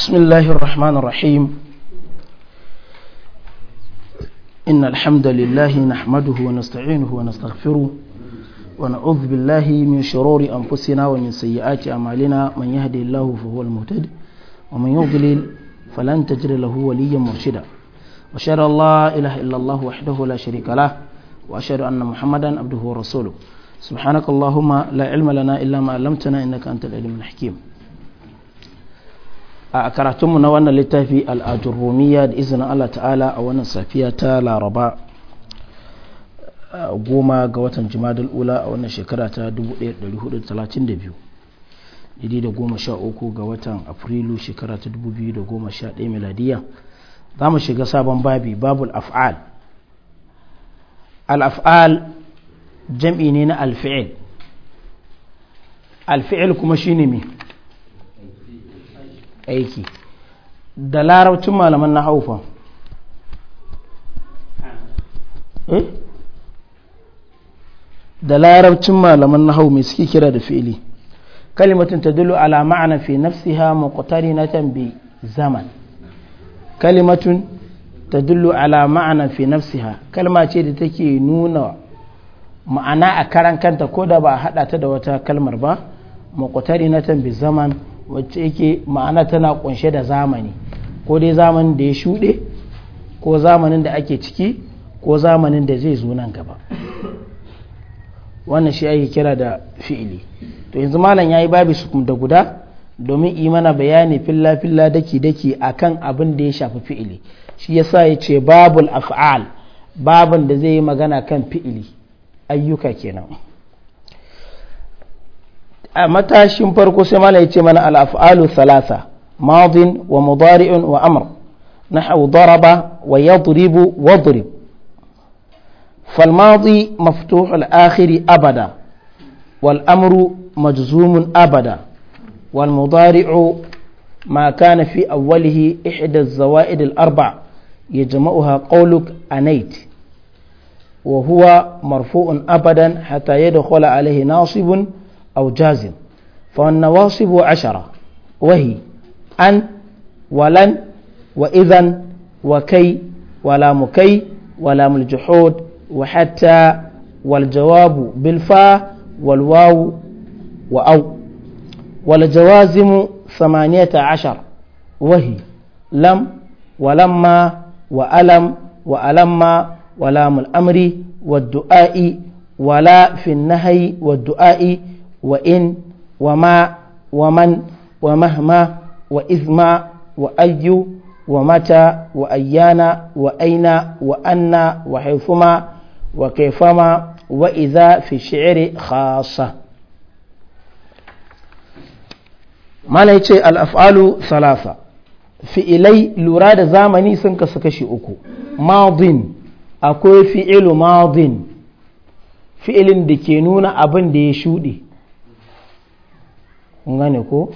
بسم الله الرحمن الرحيم إن الحمد لله نحمده ونستعينه ونستغفره ونعوذ بالله من شرور أنفسنا ومن سيئات أعمالنا من يهدي الله فهو المهتد ومن يضلل فلن تجري له وليا مرشدا وأشهد أن لا إله إلا الله وحده لا شريك له وأشهد أن محمدا عبده ورسوله سبحانك اللهم لا علم لنا إلا ما علمتنا إنك أنت العليم الحكيم a karatunmu na wannan littafi al'adurumiya da izinin Allah ta'ala a wannan safiya ta laraba goma ga watan jimadul ula a wannan shekara ta 1432 da goma sha ga watan afrilu shekara ta 2011 miladiya za mu shiga sabon babi babul af'al al'af'al jam'i ne na alfi'il alfi'il kuma shine mai aiki da larabcin malaman na haufa eh? da larabcin malaman na hau mai suke kira da fili? kalimatin ta dulu ala ma'ana fi nafsiha muqtari na tambi zaman kalimatun ta dulu ala ma'ana fi nafsiha kalma ce da take nuna ma'ana a karan kanta ko da ba a haɗa ta da wata kalmar ba muqtari na tambi zaman wacce yake ma'ana tana kunshe da zamani ko dai zamanin da ya shuɗe ko zamanin da ake ciki ko zamanin da zai zo nan gaba wannan shi ake kira da fi'ili to yanzu malam ya yi babu su da guda domin mana bayani filla filla daki daki a kan abin da ya shafi fi'ili shi ya sa ya ce babul af'al babin da zai yi magana kan fi'ili ayyuka kenan a matashin farko sai mana ya ce mana al’af’alu salasa madin wa mudari'un wa amr daraba wa yadribu wa durib falmadi maftuhu akhiri abada wal amru majzumun abada walmudari'u ma kana fi awwalihi ihda zawa’id al’arba ya jama’uha ƙauluk a nait وهو مرفوع أبدا حتى يدخل عليه ناصب أو جازم فالنواصب عشرة وهي أن ولن وإذا وكي ولام كي ولام الجحود وحتى والجواب بالفاء والواو وأو والجوازم ثمانية عشر وهي لم ولما وألم وألما ولام الأمر والدعاء ولا في النهي والدعاء wa in wa ma wa man wa mahma wa izma wa ayyu wa mata wa ayyana wa aina wa anna wa haifuma wa fi shi'ri khasa mana yace al af'alu thalatha fi lura da zamani sun kasu kashi uku madin akwai fi'ilu madin fi'ilin da ke nuna abin da ya shuɗe kun gane ko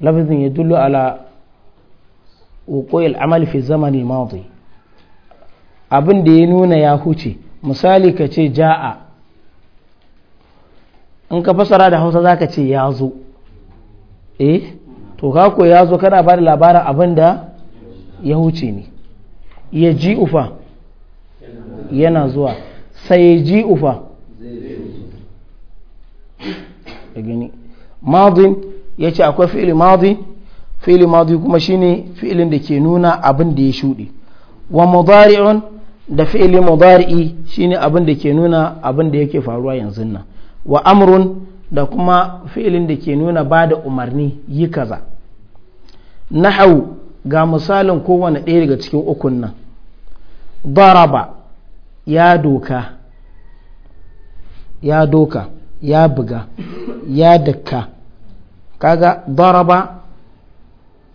lafazin ya dullu ala wuqo'il amal fi zamani madi abin da ya nuna ya huce misali ka ce ja'a in ka fasara da hausa zaka ce ya zo eh to kako ya zo kana ba da labarin abin da ya huce ne ya ji ufa yana zuwa sai ji ufa gani madin ya ce akwai fi'ili madi fi'ili madi kuma shine fi'ilin da ke nuna abin da ya shuɗe wa mudari'un da fi'ili mudari'i shine abin da ke nuna abin da yake faruwa yanzu nan wa amrun da kuma fi'ilin da ke nuna ba da umarni yi kaza nahau ga misalin kowane ɗaya daga cikin ukun nan daraba ya doka ya doka ya buga ya dukka kaga daraba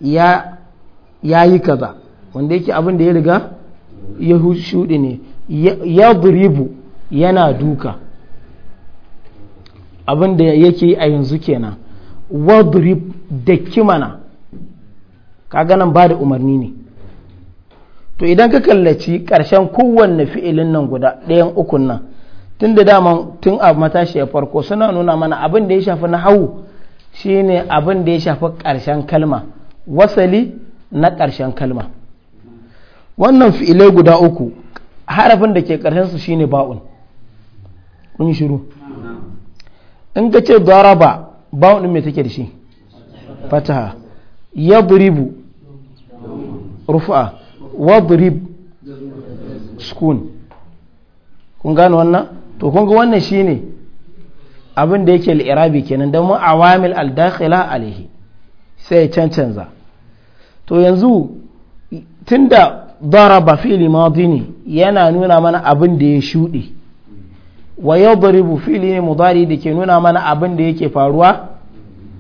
ya yi kaza wanda yake abin da ya riga ya shuɗi ne ya duribu yana duka abin da yake a yanzu kenan wadrib da kimana kaga nan ba da umarni ne to idan ka kallaci ƙarshen kowanne fi'ilin nan guda ɗayan ukun nan tun da daman tun a matashi ya farko suna nuna mana abin da ya shafi na hau shine abin da ya shafi ƙarshen kalma wasali na ƙarshen kalma wannan fi'ilai guda uku harafin da ke ƙarshen su shine ba'un kun shiru in ka ce ba, ba'un me take da shi fataha buribu rufa burib sukun kun gano wannan to kun ga wannan shine abin da yake al'irabi kenan don mu awamil al-dakhila alaihi sai cancanza to yanzu tunda daraba fili madi ne yana nuna mana abin da ya shuɗe wa yadribu fili ne mudari da ke nuna mana abin da yake faruwa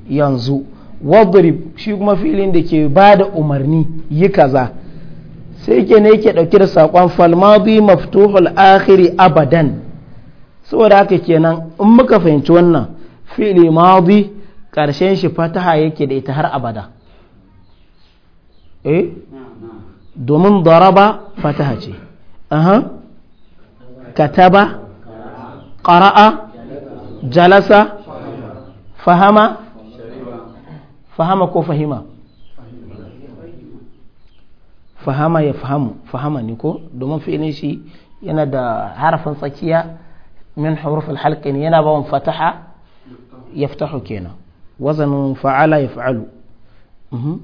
yanzu wadrib shi kuma filin da ke ba da umarni yi kaza sai ke ne yake ɗauke da saƙon falmadi maftuhul akhiri abadan saboda haka kenan in muka fahimci wannan fi'li madi karshen shi fataha yake da ita har abada eh domin daraba fataha ce aha kataba qara'a jalasa fahama fahama ko fahima fahama ya fahamu fahama ne ko domin fi'ilin shi yana da harafin tsakiya من حروف الحلق إن ينبون فتح يفتح كينا وزن فعل يفعل اها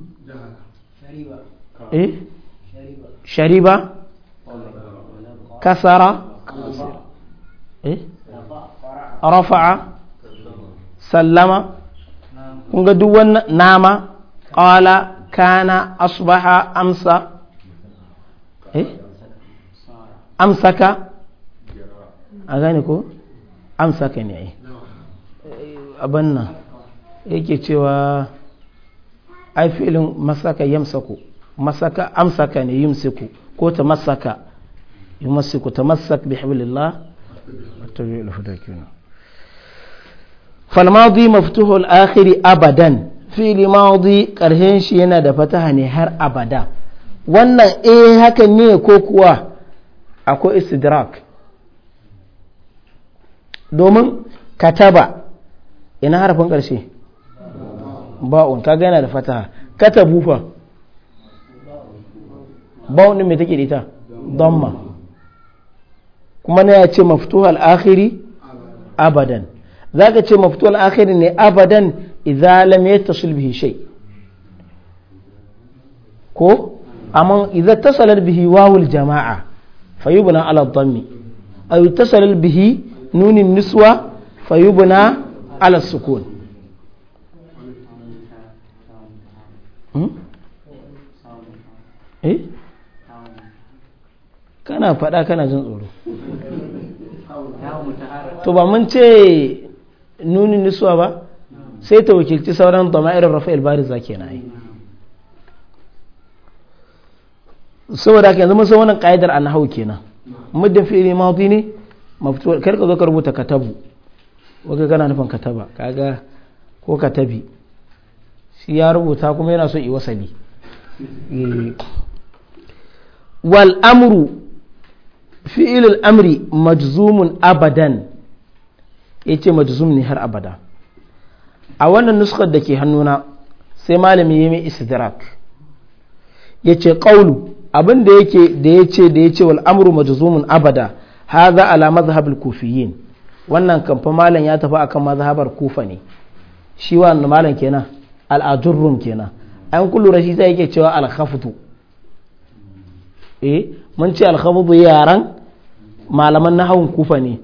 شريبة إيه شريبة كسر إيه رفع سلم ونقدون نام قال كان أصبح أمسى إيه أمسك a gane ko amsa ka ne ai abin nan yake cewa ai filin masaka yamsaku masaka amsaka ne yimsiku ko ta masaka yimsiku ta masak bi hablillah tabi'ul huda fal madi maftuhul akhiri abadan fili madi karhen shi yana da fataha ne har abada wannan eh haka ne ko kuwa akwai istidrak domin kataba ina harafin ƙarshe ba'un kaga yana da fataha katabu fa ba'un din me take da ita damma kuma ne ya ce maftuhal akhiri abadan zaka ce maftuhal akhiri ne abadan idza lam yattasil bihi shay ko amma idza tasalat bihi wawul jama'a fayubna ala dhammi aw tasalat bihi nunin niswa fayubuna ala sukun hmm? eh kana fada kana jin tsoro to ba mun ce nunin niswa ba sai ta wakilci sauran dama'irin rafa'il bariza kenan yi saboda haka yanzu mun san wannan ka'idar annahu kenan muddin fi'li madi ne mafto kar ka zo ka rubuta katabu waka kana nufin kataba kaga ko katabi shi ya rubuta kuma yana so i wasali eh. wal amru fi'ilul amri majzumun abadan ce majzum ne har abada a wannan nuskar da ke hannuna sai malami ya mai istidrak yace ƙaulu abin da yake da yace da yace wal amru majzumun abada hadha ala mazhabul kufiyin wannan kamfa malam ya tafi akan mazhabar kufa ne shi wannan malam kenan al'ajurrum kenan an kullu shi sai yake cewa al eh mun ce al-khaftu yaran malaman nahawun kufa ne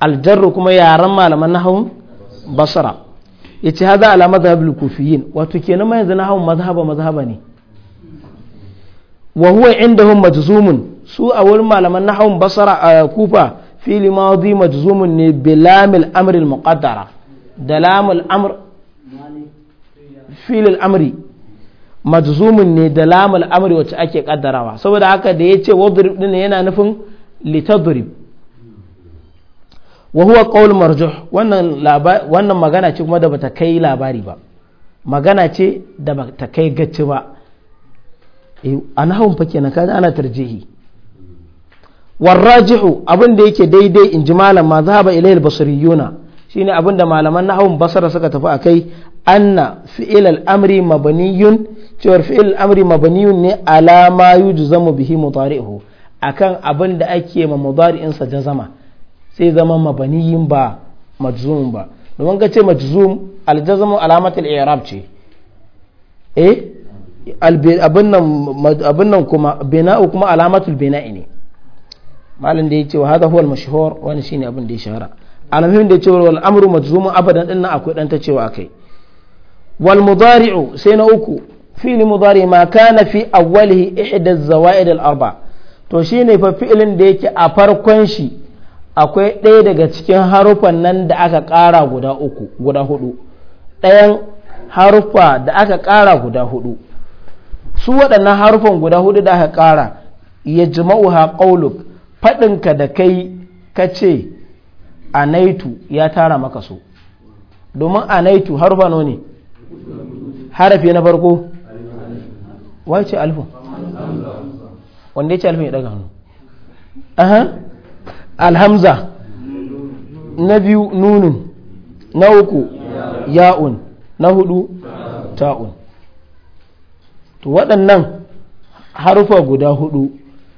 aljarru kuma yaran malaman nahawun basra yace hadha ala mazhabul kufiyin wato kenan ma yanzu nahawun mazhaba mazhaba ne wa huwa indahum majzumun su a wurin malaman nahawun basara a kufa fili madi majzumun ne bilamil amril muqaddara da lamul amr filil amri majzumun ne da lamul amri wacce ake kaddarawa saboda haka da ya ce wadrib din yana nufin litadrib wa huwa qaul marjuh wannan wannan magana ce kuma da bata kai labari ba magana ce da bata kai gacci ba eh, a anahun fa kenan kaga ana tarjihi warrajihu abin da yake daidai in ji malam ma zaba ilayil basriyuna shine abin da malaman nahawun basara suka tafi a akai anna fi'il al-amri mabaniyun cewar fi'il al-amri mabaniyun ne ala ma yujzamu bihi mudari'uhu akan abin da ake ma mudari'in sa jazama sai zama mabaniyin ba majzum ba domin ka ce majzum al-jazmu alamat al-i'rab ce eh abin nan kuma bina'u kuma alamatul bina'i ne malam da ya ce wa hadha huwal mashhur wani shine abin da ya shahara alhamdulillah da ya ce wal amru majzumun abadan dinnan akwai dan ta cewa akai wal mudari'u sai na uku fili mudari ma kana fi awwalihi ihda az-zawaid al-arba to shine fa fi'ilin da yake a farkon shi akwai ɗaya daga cikin harufan nan da aka ƙara guda uku guda hudu ɗayan harufa da aka ƙara guda hudu su waɗannan harufan guda hudu da aka ƙara ya jima'u ha faɗinka da kai ka ce anaitu ya tara maka so domin anaitu harfa ne harafi na farko wace alfin wanda ya ce alfin ya daga hannu aha alhamza na biyu nunun na uku ya'un na hudu ta'un to waɗannan harufa guda hudu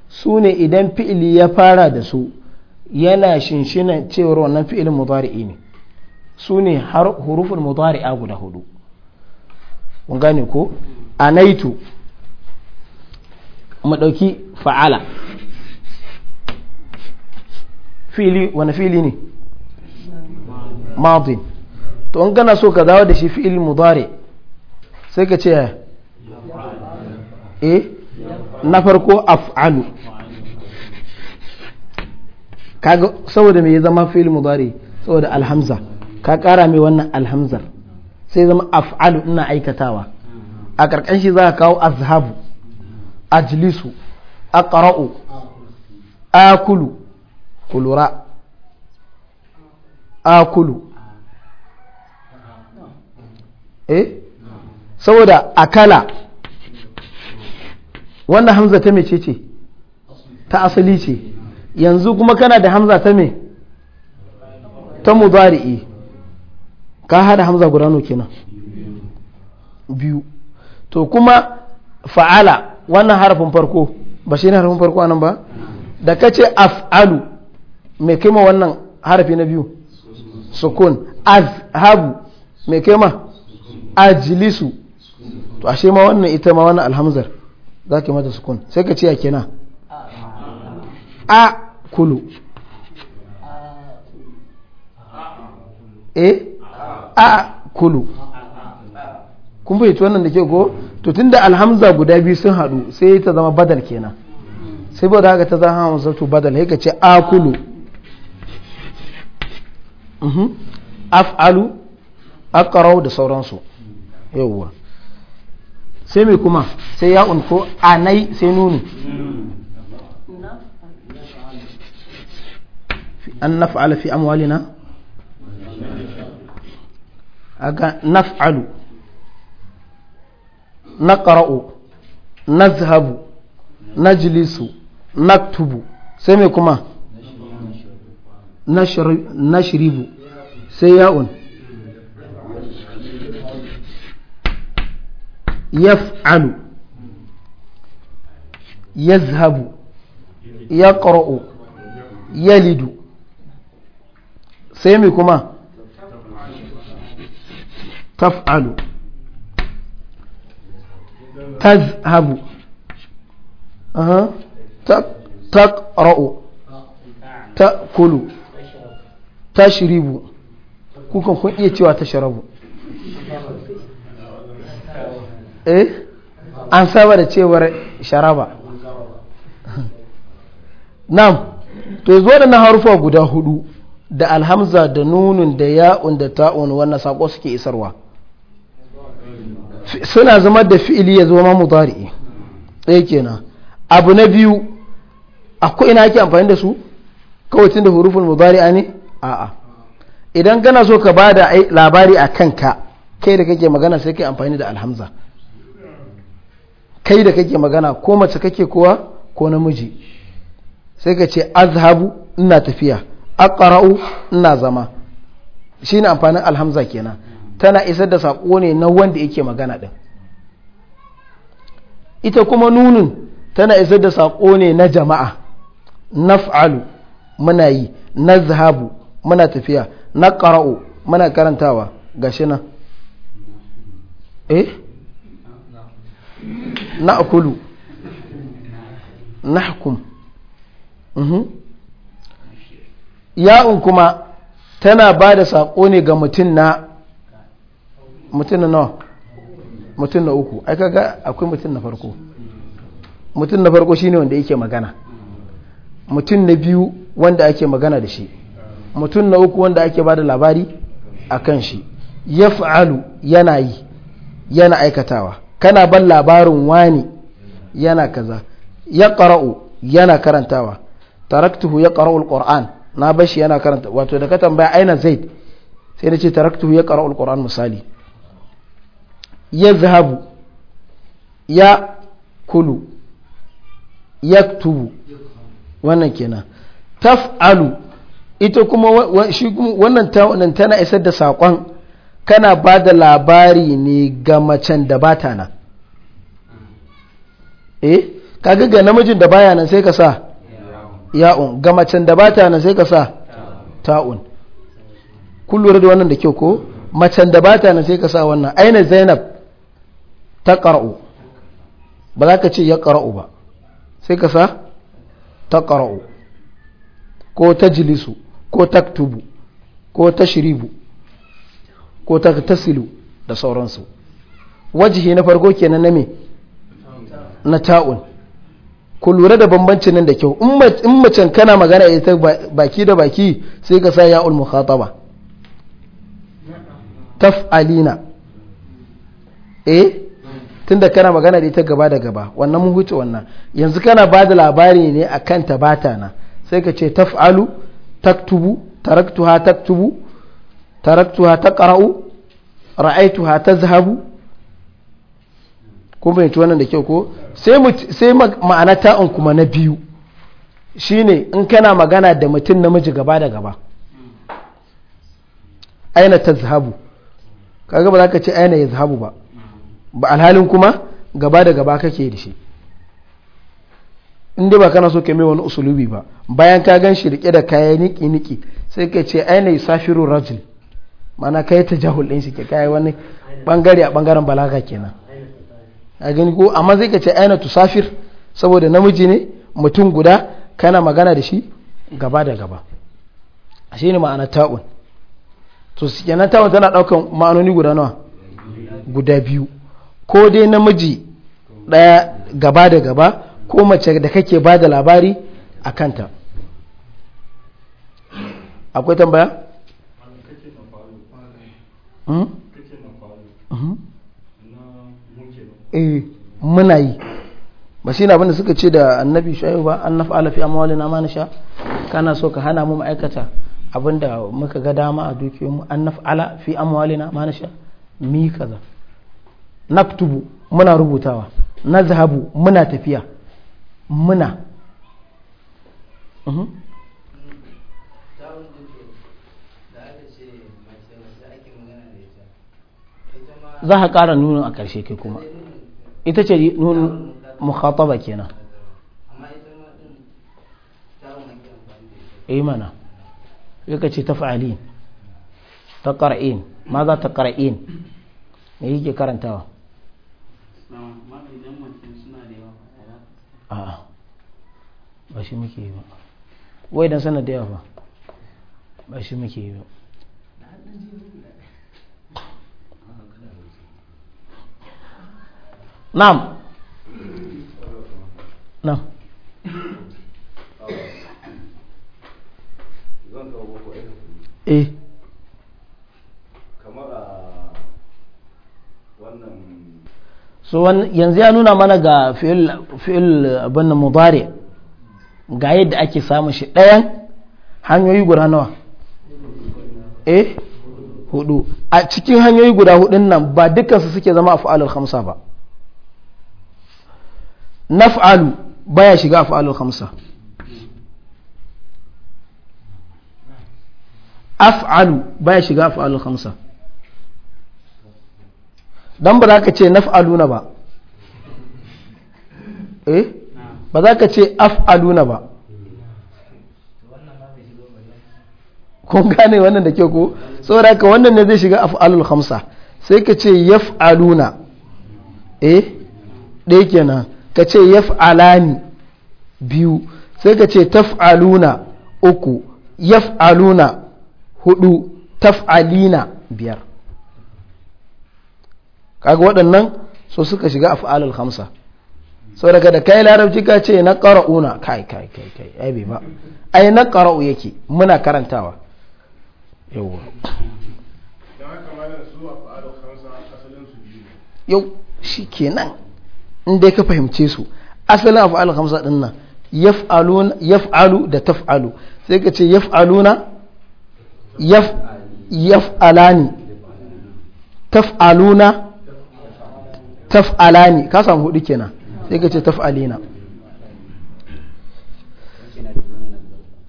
su ne idan fi'ili ya fara da su yana shinshina cewar wannan fi'ilin mudari'i ne su ne har hurufin mudari'a guda hudu mun gane ko anaitu mu ɗauki fa'ala fili wani fili ne madin to in gana so ka dawo da shi fi'ilin mudari sai ka ce eh na farko af'alu kaga saboda me ya zama fi'il mudari saboda alhamza ka kara mai wannan alhamzar sai zama af'alu ina aikatawa a karkan shi za ka kawo azhabu ajlisu aqra'u akulu kulura akulu eh saboda akala wannan hamza ta mece ce ta asali ce yanzu kuma kana da hamza ta me ta mudari'i ka hada hamza guda no kenan biyu to kuma fa'ala wannan harafin farko ba shi ne harafin farko anan ba da ka ce af'alu me kaima wannan harafi na biyu sukun azhabu me kaima ajlisu to ashe ma wannan ita ma wannan alhamzar za ka mata sukun sai ka ce a kina a kulu eh a kulu kun fahimci wannan da ke ko to tun da alhamza guda biyu sun haɗu sai ta zama badal kenan sai ba da haka ta zama hamza to badal sai ka ce kulu mhm. af'alu aqra'u da sauransu yawwa sai mai kuma sai ya unko anai sai nunu an naf'ala fi amwalina aga naf'alu naqra'u nazhabu najlisu naktubu sai mai kuma nashribu sai ya'un يفعل يذهب يقرأ يلد سيمي كما تفعل تذهب أه. تقرأ تأكل تشرب كوكو كون iya cewa tashrabu eh an saba da cewar sharaba nam to da na harufa guda hudu da alhamza da nunun da ya'un da ta'un wannan sako suke isarwa suna zama da fi'ili ya zama mudari'i ɗaya kenan abu na biyu akwai ina ake amfani da su kawai tun da hurufin mudari'a ne a'a idan gana so ka ba da labari a kanka kai da kake magana sai kai amfani da alhamza kai da kake magana ko mace kake kowa ko namiji sai ka ce azhabu ina tafiya aqra'u ina zama shine amfanin alhamza kenan tana isar da sako ne na wanda yake magana din ita kuma nunun tana isar da sako ne na jama'a naf'alu muna yi nazhabu muna tafiya naqra'u muna karantawa gashi nan eh نأكل نحكم ya'un kuma tana ba da saƙo ne ga mutum na mutum na nawa mutum na uku ai kaga akwai mutum na farko mutum na farko shine wanda yake magana mutum na biyu wanda ake magana da shi mutum na uku wanda ake ba da labari a kan shi ya fa'alu yana yi yana aikatawa kana ban labarin wani yana kaza ya ƙara'u yana karantawa taraktuhu ya al-ƙur'an na bashi yana karanta wato da ka tambaya aina zaid sai na ce taraktuhu ya al-ƙur'an misali ya zahabu ya kulu ya tubu wannan kenan taf'alu ita kuma shi kuma wannan tana isar da saƙon kana ba da labari ne ga macen da ba ta nan eh kaga ga namijin da baya nan sai ka sa ya'un ga macen da ba ta nan sai ka sa ta'un kun lura da wannan da kyau ko macen da ba ta nan sai ka sa wannan aina zainab ta ƙara'u ba za ka ce ya ƙara'u ba sai ka sa ta ƙara'u ko ta jilisu ko taktubu ko ta shiribu ko ta tasilu da sauransu wajihi na farko kenan na me na ta'un ku lura da bambancin nan da kyau in macen kana magana ita baki da baki sai ka sa ulmu khataba taf'alina eh tunda kana magana da ita gaba da gaba wannan mun huce wannan yanzu kana ba da labari ne akan ta bata na sai ka ce taf'alu taktubu taraktuha taktubu taraktuha taqra'u ra'aituha tazhabu kun fahimci wannan da kyau ko sai sai ma'ana ta'un kuma na biyu shine in kana magana da mutum namiji gaba da gaba aina tazhabu kaga ba za ka ce aina yazhabu ba ba alhalin kuma gaba da gaba kake da shi in dai ba kana so ka mai wani usulubi ba bayan ka gan shi rike da kaya niki niki sai ka ce aina yusafiru rajul mana kai ta jahul ɗin shi ke kai wani bangare a bangaren balaga kenan a gani ko amma zai ka ce aina tusafir saboda namiji ne mutum guda kana magana da shi gaba da gaba shi ne ma'ana ta'un to kenan ta'un tana ɗaukan ma'anoni guda nawa guda biyu ko dai namiji ɗaya gaba da gaba ko mace da kake ba da labari a kanta akwai tambaya? eh muna yi ba shi abinda suka ce da annabi shayu ba an nafa alafi amwali na mana sha kana so ka hana mu ma'aikata abinda muka ga dama a dukiyar mu an nafa ala fi amwali na mana sha mi kaza naktubu muna rubutawa na zahabu muna tafiya muna mhm. za ka ƙara nunin a ƙarshe kai kuma ita ce nunin mukhataba kenan ai eh mana sai ka ce taf'alin ta ƙara'in ma za ta ƙara'in me yake karantawa a ba shi muke yi ba wai dan sanar da yawa ba ba shi muke yi ba na'am na'am eh kamar wannan so yanzu ya nuna mana ga fi'il abin mudari ga yadda ake samun shi ɗayan hanyoyi guda nawa eh hudu a cikin hanyoyi guda hudun nan ba dukkan su suke zama a fa'alul khamsa ba naf'alu baya shiga af'alul khamsa af'alu baya shiga af'alul khamsa dan ba za ka ce naf'aluna ba eh ba za ka ce af'aluna ba kun gane wannan da ke ko saboda ka wannan ne zai shiga af'alul khamsa sai ka ce yaf'aluna eh ɗaya kenan ka ce yaf'alani biyu sai ka ce taf'aluna uku yaf'aluna hudu taf'alina biyar kaga waɗannan so suka shiga af'alul hamsa sau daga da kai larabci ka ce na ƙara'una kai kai kai kai ai bai ba ai na ƙara'u yake muna karantawa yawwa yau shi kenan in dai ka fahimce su asalin al khamsa din nan yaf'aluna yaf'alu da taf'alu sai ka ce yaf'aluna yaf yaf'alani taf'aluna taf'alani ka samu hudu kenan sai ka ce taf'alina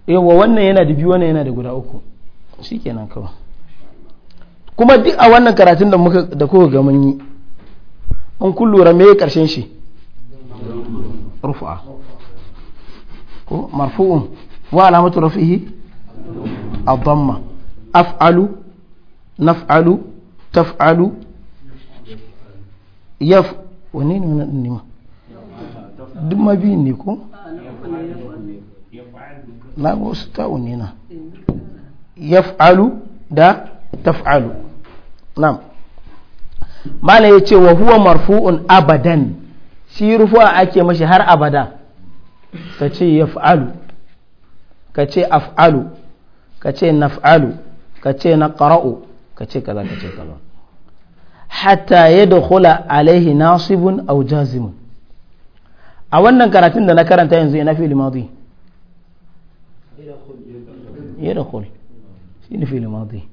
yawa wannan yana da biyu wannan yana da guda uku shikenan kawai kuma duk a wannan karatun da muka da kuka ga mun yi in kullura me karshen shi rufu'a ko marfu'un wa alamatu rafihi adamma af'alu naf'alu taf'alu yaf wani ne wani ɗin ma duk ma biyun ne ko na wasu ta'unina na yaf'alu da taf'alu na'am malam ya ce wa huwa marfu'un abadan shi rufuwa ake mashi har abada ka ce yaf'alu ka ce af'alu ka ce naf'alu ka ce karau ka ce kaza ka ce kaza hatta yadkhula alaihi nasibun au jazimun a wannan karatun da na karanta yanzu ina fil madi yadkhul shine fil madi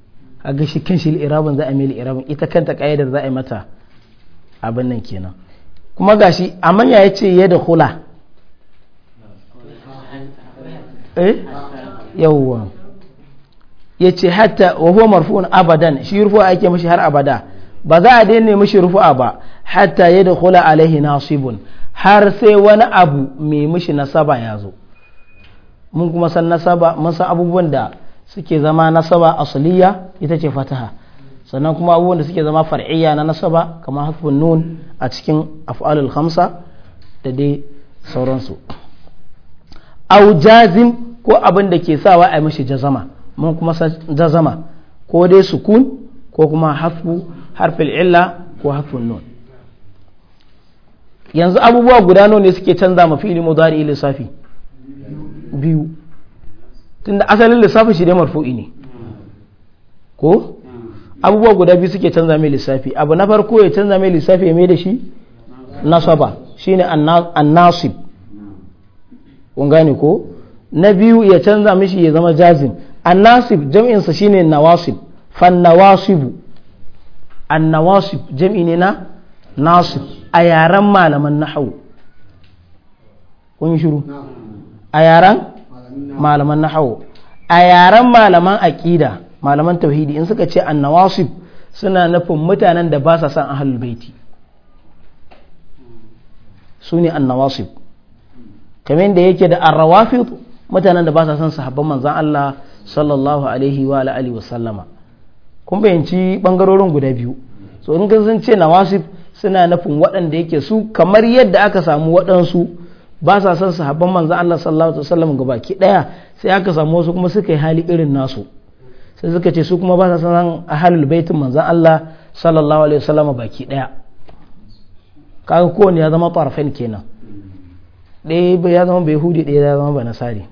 a ga shi kan shi irabin za a mai irabin ita kanta kayyadar za a yi mata abin nan kenan kuma gashi amma ya ce yadda da hula eh yawwa ya ce hatta wa huwa marfu'un abadan shi rufu'a ake mashi har abada ba za a daina mashi rufu'a ba hatta ya da hula alaihi nasibun har sai wani abu mai mashi nasaba ya zo mun kuma san nasaba mun san abubuwan da suke zama nasaba asliya ita ce fataha sannan kuma abubuwan da suke zama far'iyya na nasaba kamar harfin nun a cikin af'alul hamsa da dai sauransu au jazim ko abin da ke sawa a mashi jazama mun kuma jazama ko dai sukun ko kuma hafu harfin illa ko harfin nun yanzu abubuwa guda ne suke canza ma fi'ili zari lissafi biyu tunda asalin lissafi shi dai marfu'i ne ko abubuwa guda biyu suke canza mai lissafi abu na farko ya canza mai lissafi ya mai da shi nasaba shine annasib kun gane ko na biyu ya canza mishi ya zama jazim annasib jam'insa sa shine nawasib fan nawasibu annawasib jam'i ne na nasib a yaran malaman nahwu kun shiru a yaran malaman nahawu a yaren malaman aqida malaman tauhidi in suka ce annawasib suna nufin mutanen da ba sa san ahlul baiti su ne annawasib kamar da yake da arrawafid mutanen da ba sa san sahabban manzan Allah sallallahu alaihi wa alihi wa sallama kun bayanci bangarorin guda biyu so in ka ce nawasib suna nufin waɗanda yake su kamar yadda aka samu waɗansu ba sa son sahabban manzan Allah sallallahu alaihi wasallam baki daya sai aka samu wasu kuma suka yi hali irin nasu sai suka ce su kuma ba sa son ahlul baitin manzan Allah sallallahu alaihi wasallam baki daya kaga kowanne ya zama tarfain kenan ɗaya ya zama bai hudi ɗaya ya zama ba nasari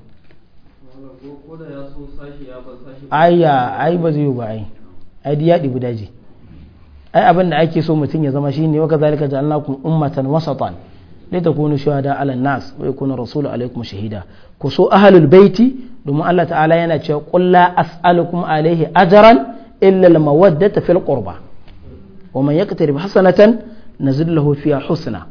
ayya ai ba zai ba ai ai ya ɗibi daji ai abin da ake so mutum ya zama shine wa kazalika ja'alnakum ummatan wasatan litakunu shuhada ala nas wa yakuna rasulu alaykum shahida ku so ahlul baiti domin Allah ta'ala yana cewa qul la as'alukum alaihi ajran illa al mawaddata fil qurba wa man yaqtarib hasanatan nazid lahu fiha husna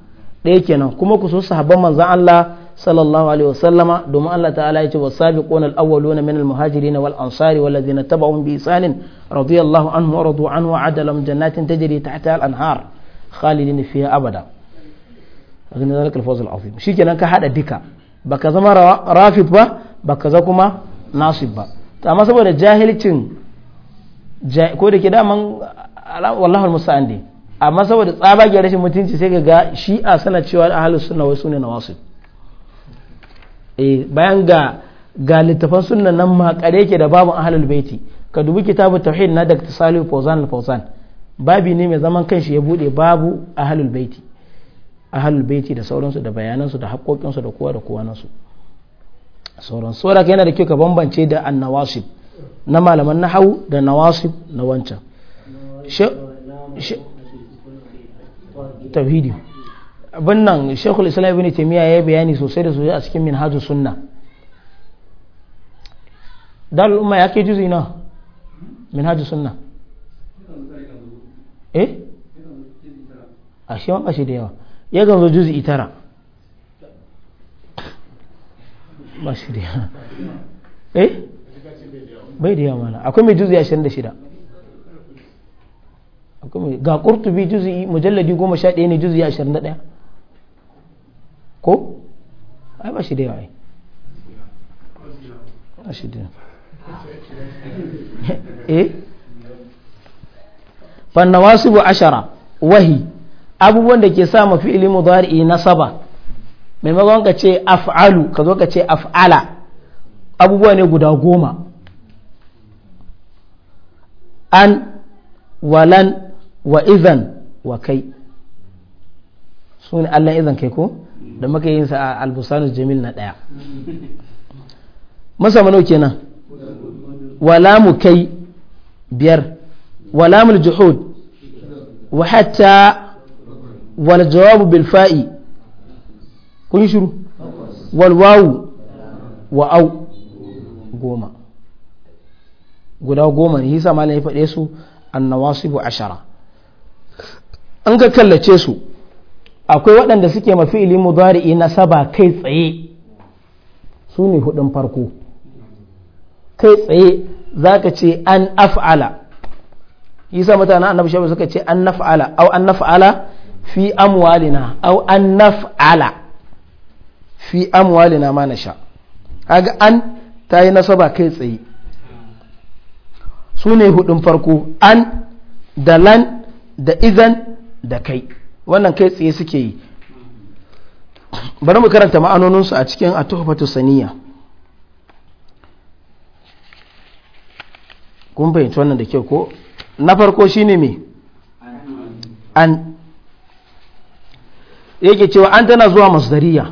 ɗaya kenan kuma ku so sahabban manzon Allah sallallahu alaihi wasallama domin Allah ta'ala ya ce wasabiquna al-awwaluna min al-muhajirin wal ansari wal ladina tabauhum bi isanin radiyallahu anhu wa radu anhu wa adalahum jannatin tajri tahtaha al-anhar khalidin fiha abada kaga ne zalikal fawzul azim shikenan ka hada duka baka zama rafid ba baka za kuma nasib ba to amma saboda jahilcin ko da ke daman wallahi amma saboda tsabagen rashin mutunci sai ka shi a sana cewa ahlus sunna wai bayan ga ga littafan sunna nan ma kare yake da babu ahlul baiti ka dubi kitabu tauhid na Dr. Salih Fawzan al babi ne mai zaman kanshi ya bude babu ahlul baiti ahlul baiti da sauransu da bayanansu da haƙoƙinsu da kowa da kowa nasu sauran saboda yana da kyau ka bambance da annawasib na malaman nahawu da nawasib na wancan tauhidi abin nan shekul islam ibn taymiya ya bayani sosai da sosai a cikin minhajus sunna dalil umma ya ke juzi na minhaju sunna eh a shi wanka da yawa ya zo juzi itara ba shi da yawa eh bai da yawa mana akwai mai juzi ashirin da shida ga kurtubi juzi mujalladi daya ne juzi 21 ko ai ba shi da yawa ai ba shi da yawa eh fannawasu ashara wahi abubuwan da ke sa ma fi'ili mudari nasaba maimakon ka ce af'alu ka zo ka ce af'ala abubuwa ne guda goma an walan wa izan wa kai su ne allan izan kai ko da muka yin sa a albusanu jamil na ɗaya masa mano kenan wala mu kai biyar walamul juhud wa hatta wal jawabu كن fa'i kun shiru wal wa au goma guda goma ne hisa malam ya faɗe su annawasibu an ka kallace su akwai waɗanda suke mafi ili mudari'i na saba kai tsaye su ne hudun farko kai tsaye zaka ce an af'ala isa mutane annabi shabu suka ce an naf'ala au an naf'ala fi amwalina au an naf'ala fi amwalina ma nasha kaga an ta yi nasaba kai tsaye su ne hudun farko an da lan da izan da kai wannan kai tsaye suke yi bari mu karanta ma'anoninsu a cikin atuhfatu saniya kun fahimci wannan da kyau ko na farko shine me an yake cewa an tana zuwa masdariya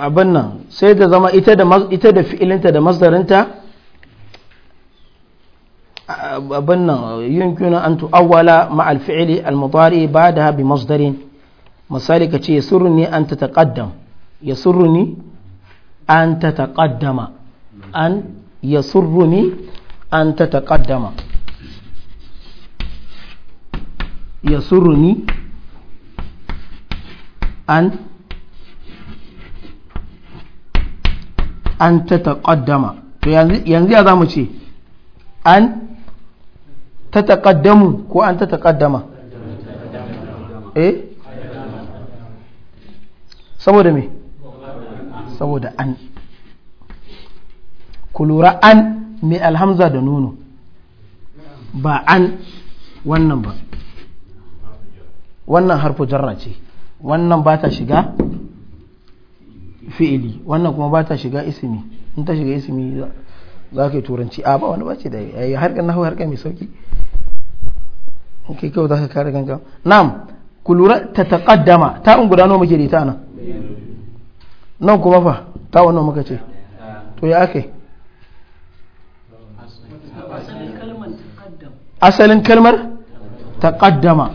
abin nan sai ta zama ita da fi'ilinta da masdarinta abin nan yankunan an tu'awwala ma'al fi'ili al-mudari ba da bi masdarin misali ka ce ya suruni an ta taƙaddam ya suruni an ta taƙaddama an ya suruni an ta taƙaddama ya suruni an an ta taƙaddama to yanzu ya za mu ce an ta taƙaddamu ko an ta taƙaddama eh saboda me saboda an ku lura an mai alhamza da nuno ba an wannan ba wannan harfu jarra ce wannan ba ta shiga fi'ili wannan kuma ba ta shiga ismi in ta shiga ismi za ka yi turanci a ba wani ba ce da ya yi harkar nahu harkar mai sauki kai kyau za ka kare gangan nam ku lura ta taƙaddama ta in guda nawa muke da ita nan nan kuma fa ta wannan muka ce to ya ake asalin kalmar ta kaddama,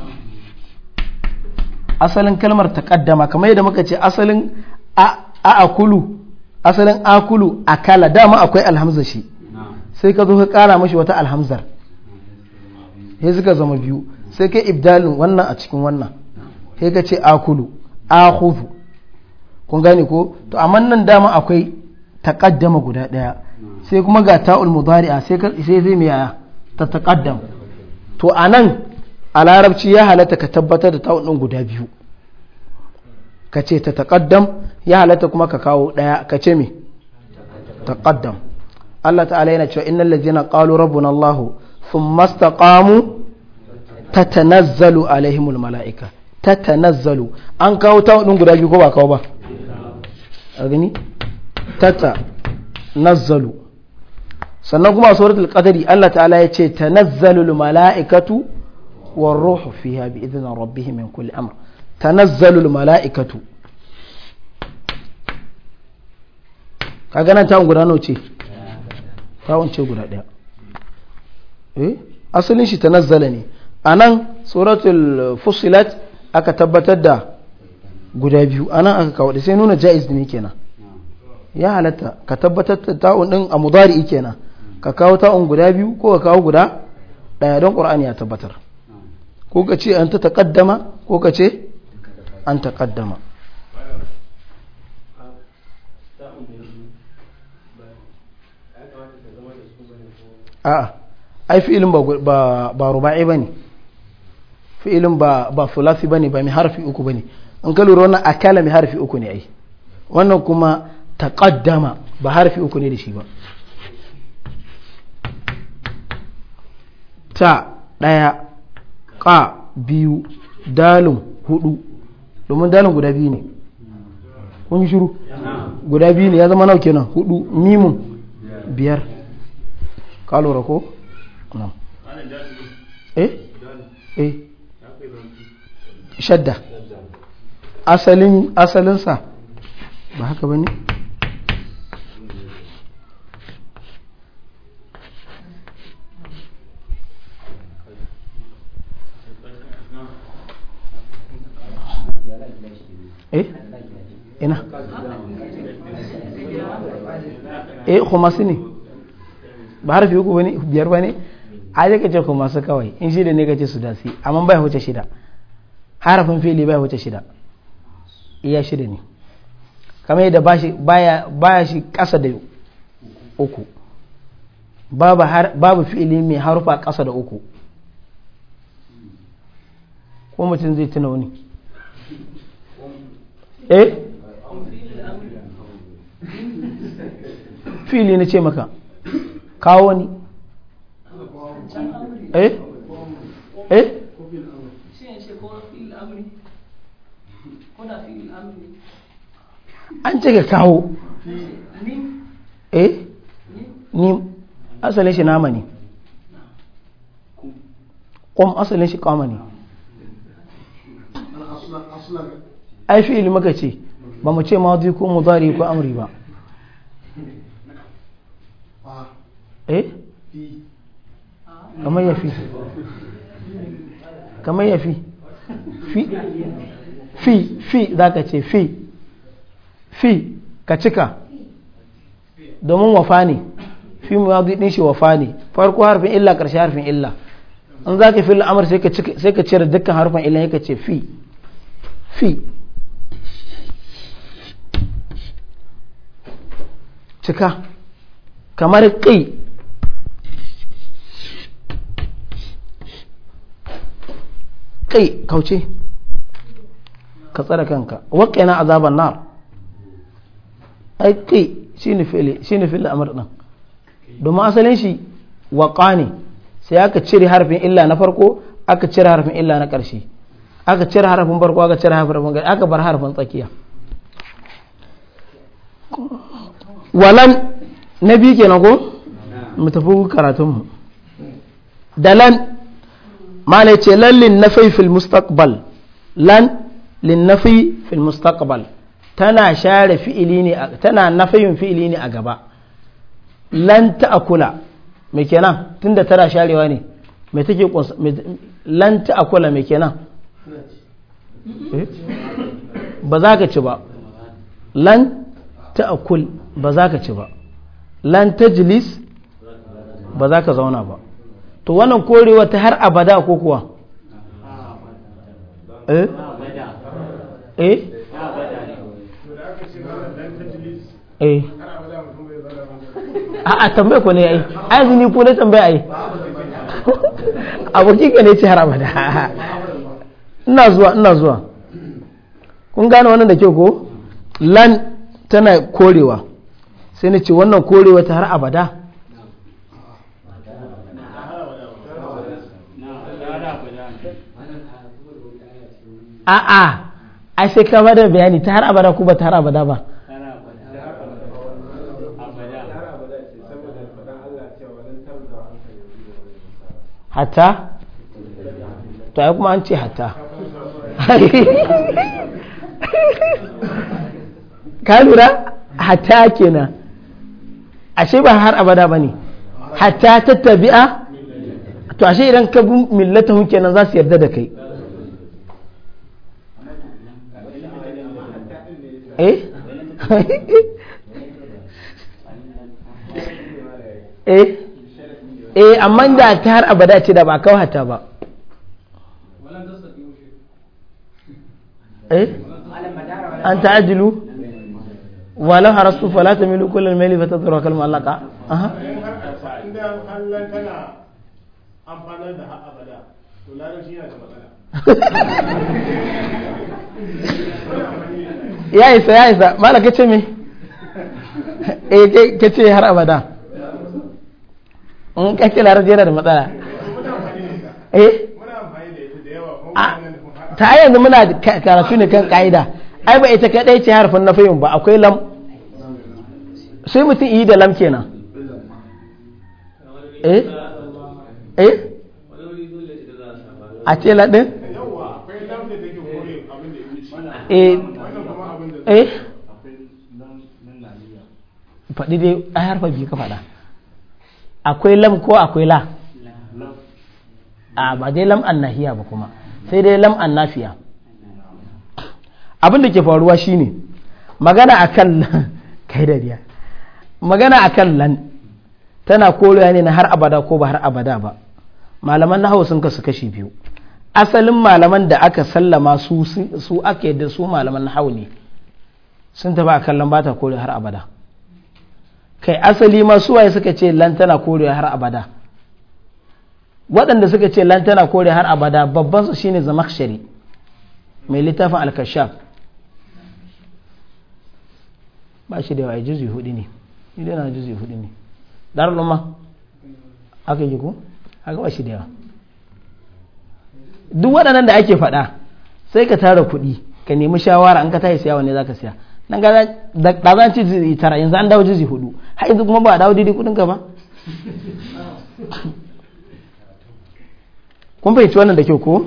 asalin kalmar ta kaddama kamar yadda muka ce asalin a akulu asalin akulu kala dama akwai alhamza shi sai ka zo ka kara mashi wata alhamzar sai suka zama biyu sai ka ibdalin wannan a cikin wannan sai ka ce akulu akhudhu kun gane ko to amma nan dama akwai taqaddama guda daya sai kuma ga ta'ul mudari'a sai sai zai mai ta taqaddama to a nan a larabci ya halatta ka tabbatar da ta'un guda biyu ka ce ta taƙaddam ya halatta kuma ka kawo ɗaya ka ce me taƙaddam Allah ta'ala yana cewa innal ladzina qalu rabbuna Allahu thumma istaqamu tatanazzalu alaihimul mala'ika tatanazzalu an kawo ta'un ɗin guda biyu ko ba kawo ba a gani tata nazzalu sannan kuma a suratul qadari Allah ta'ala ya ce ta nazzalul mala'ikatu war ruhu fiha bi idnin rabbihim min kulli amr nazzalul mala'ikatu ka gana ta guda nawa ce ta wance guda daya eh asalin shi ta nazzala ne nan suratul fusilat aka tabbatar da guda biyu a nan aka kawo sai nuna jaiz ne kenan ya halatta ka tabbatar da ta'un din a mudari kenan ka kawo ta'un guda biyu ko ka kawo guda ɗaya don ƙur'ani ya tabbatar ko ka ce an ta taƙaddama ko ka ce an taƙaddama a'a ai fi'ilin ba ruba'i ba ne fi'ilin ba fulasi ba ne ba mai harfi uku ba ne in ka lura wannan akala mai harfi uku ne ai wannan kuma taƙaddama ba harfi uku ne da shi ba ta ɗaya ƙa biyu dalin hudu domin dalin guda biyu ne kun shuru guda biyu ne ya zama nauke nan hudu mimun biyar ka lura ko nan eh eh shadda asalin asalinsa ba haka ba ne eh ina eh khumasu ne ba harfi uku bane biyar bane a yake kace khumasu kawai in shida ne kace su dasi amma bai huce shida harafin fili bai huce shida iya shida ne kamar yadda ba baya baya shi kasa da uku babu har babu fili mai harufa kasa da uku ko mutum zai tuna wani eh fili na ce maka kawo ni eh eh an ce ka kawo eh ni asalin shi nama ne kom asalin shi kama ne ai fi'il maka ce ba mu ce madi ko mudari ko amri ba eh kamar ya fi kamar ya fi fi fi za ka ce fi fi ka cika domin wafa ne fi mu yadu din shi wafa ne farko harfin illa karshe harfin illa an za ka fi la'amar sai ka cire dukkan harfin illa ya ka ce fi fi cika kamar kai kai kauce ka tsara kanka na azaban nar ai kai shi ne fili amur ɗin domin asalin shi waƙa ne sai aka cire harfin illa na farko aka cire harfin illa na ƙarshe aka cire harfin farko aka cire harfin aka bar harfin tsakiya walan na biyu kenan ko mu tafi karatunmu da lan mana ce lan lin linnafi fil mustaqbal lan lin linnafi fil mustaqbal tana share fi'ili ne tana nafayin fi'ili ne a gaba lan ta akula me kenan tunda tana sharewa ne me take lan ta akula me kenan eh? ba za ka ci ba lan ta akula ba za ka ci ba lan ba za ka zauna ba to wannan korewa ta har abada ko kuwa eh eh eh a tambaya ko ne yi azini ko ne tambaya yi abokin ka ne ci har abada ina zuwa ina zuwa kun gane wannan da kyau ko lan tana korewa sai na ce wannan korewa ta har abada a'a ai sai ka bada bayani ta har abada ko ba ta har abada ba hata to ai kuma an ce hata ka lura hata kenan ashe ba har abada ba ne hatta tattabi'a to ashe idan ka bi millatahun kenan za su yarda da kai eh? eh eh amma da ta har abada ce da ba kawo hata ba eh an ta'ajilu walau harastu fala ta milu kullum mali ba ta zura kalmar aha inda kallon kana amfanar da har abada to larabci yana da matsala ya isa ya isa mala kace me eh kace har abada in larabci yana da matsala eh ta yanzu muna karatu ne kan ka'ida ai ba ita kadai ce harfin na nafiyin ba akwai lam sai mutum yi da lam kenan eh eh a ce laɗin eh eh faɗi dai a harfa biyu ka faɗa akwai lam ko akwai la a ba dai lam an nahiya ba kuma sai dai lam annafiya abin da ke faruwa shine magana akan kai da biya magana a kan lan tana kolo ne na har abada ko ba har abada ba malaman nahawu sun kasu kashi biyu asalin malaman da aka sallama su su ake da su malaman nahawu ne sun taba kallon lan bata kore har abada kai asali ma su waye suka ce lan tana kore har abada waɗanda suka ce lan tana kore har abada babban su shine zamakshari mai littafin al-kashaf ba shi da yawa hudu ne shi na juzi hudu ne darul umma aka yi ku aka ba shi da yawa duk waɗannan da ake faɗa sai ka tara kuɗi ka nemi shawara an ka tayi siya za ka siya nan ga da za ci juzi tara yanzu an dawo juzi hudu har yanzu kuma ba a dawo daidai kuɗin ka ba kun fahimci wannan da kyau ko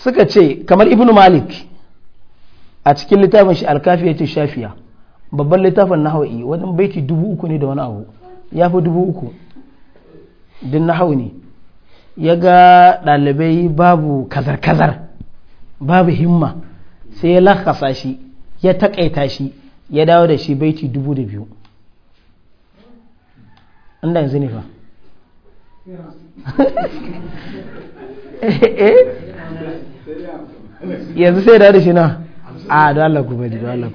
suka ce kamar ibnu malik a cikin littafin shi ce shafiya babban littafin nahawi wajen baiti dubu uku ne da wani abu ya fi dubu uku din nahawi ne ya ga ɗalibai babu kazar-kazar babu himma sai ya lakasa shi ya taƙaita shi ya dawo da shi baiti dubu da biyu inda yanzu ne fa eh, eh? yanzu sai da da shi na a da Allah ku bari da Allah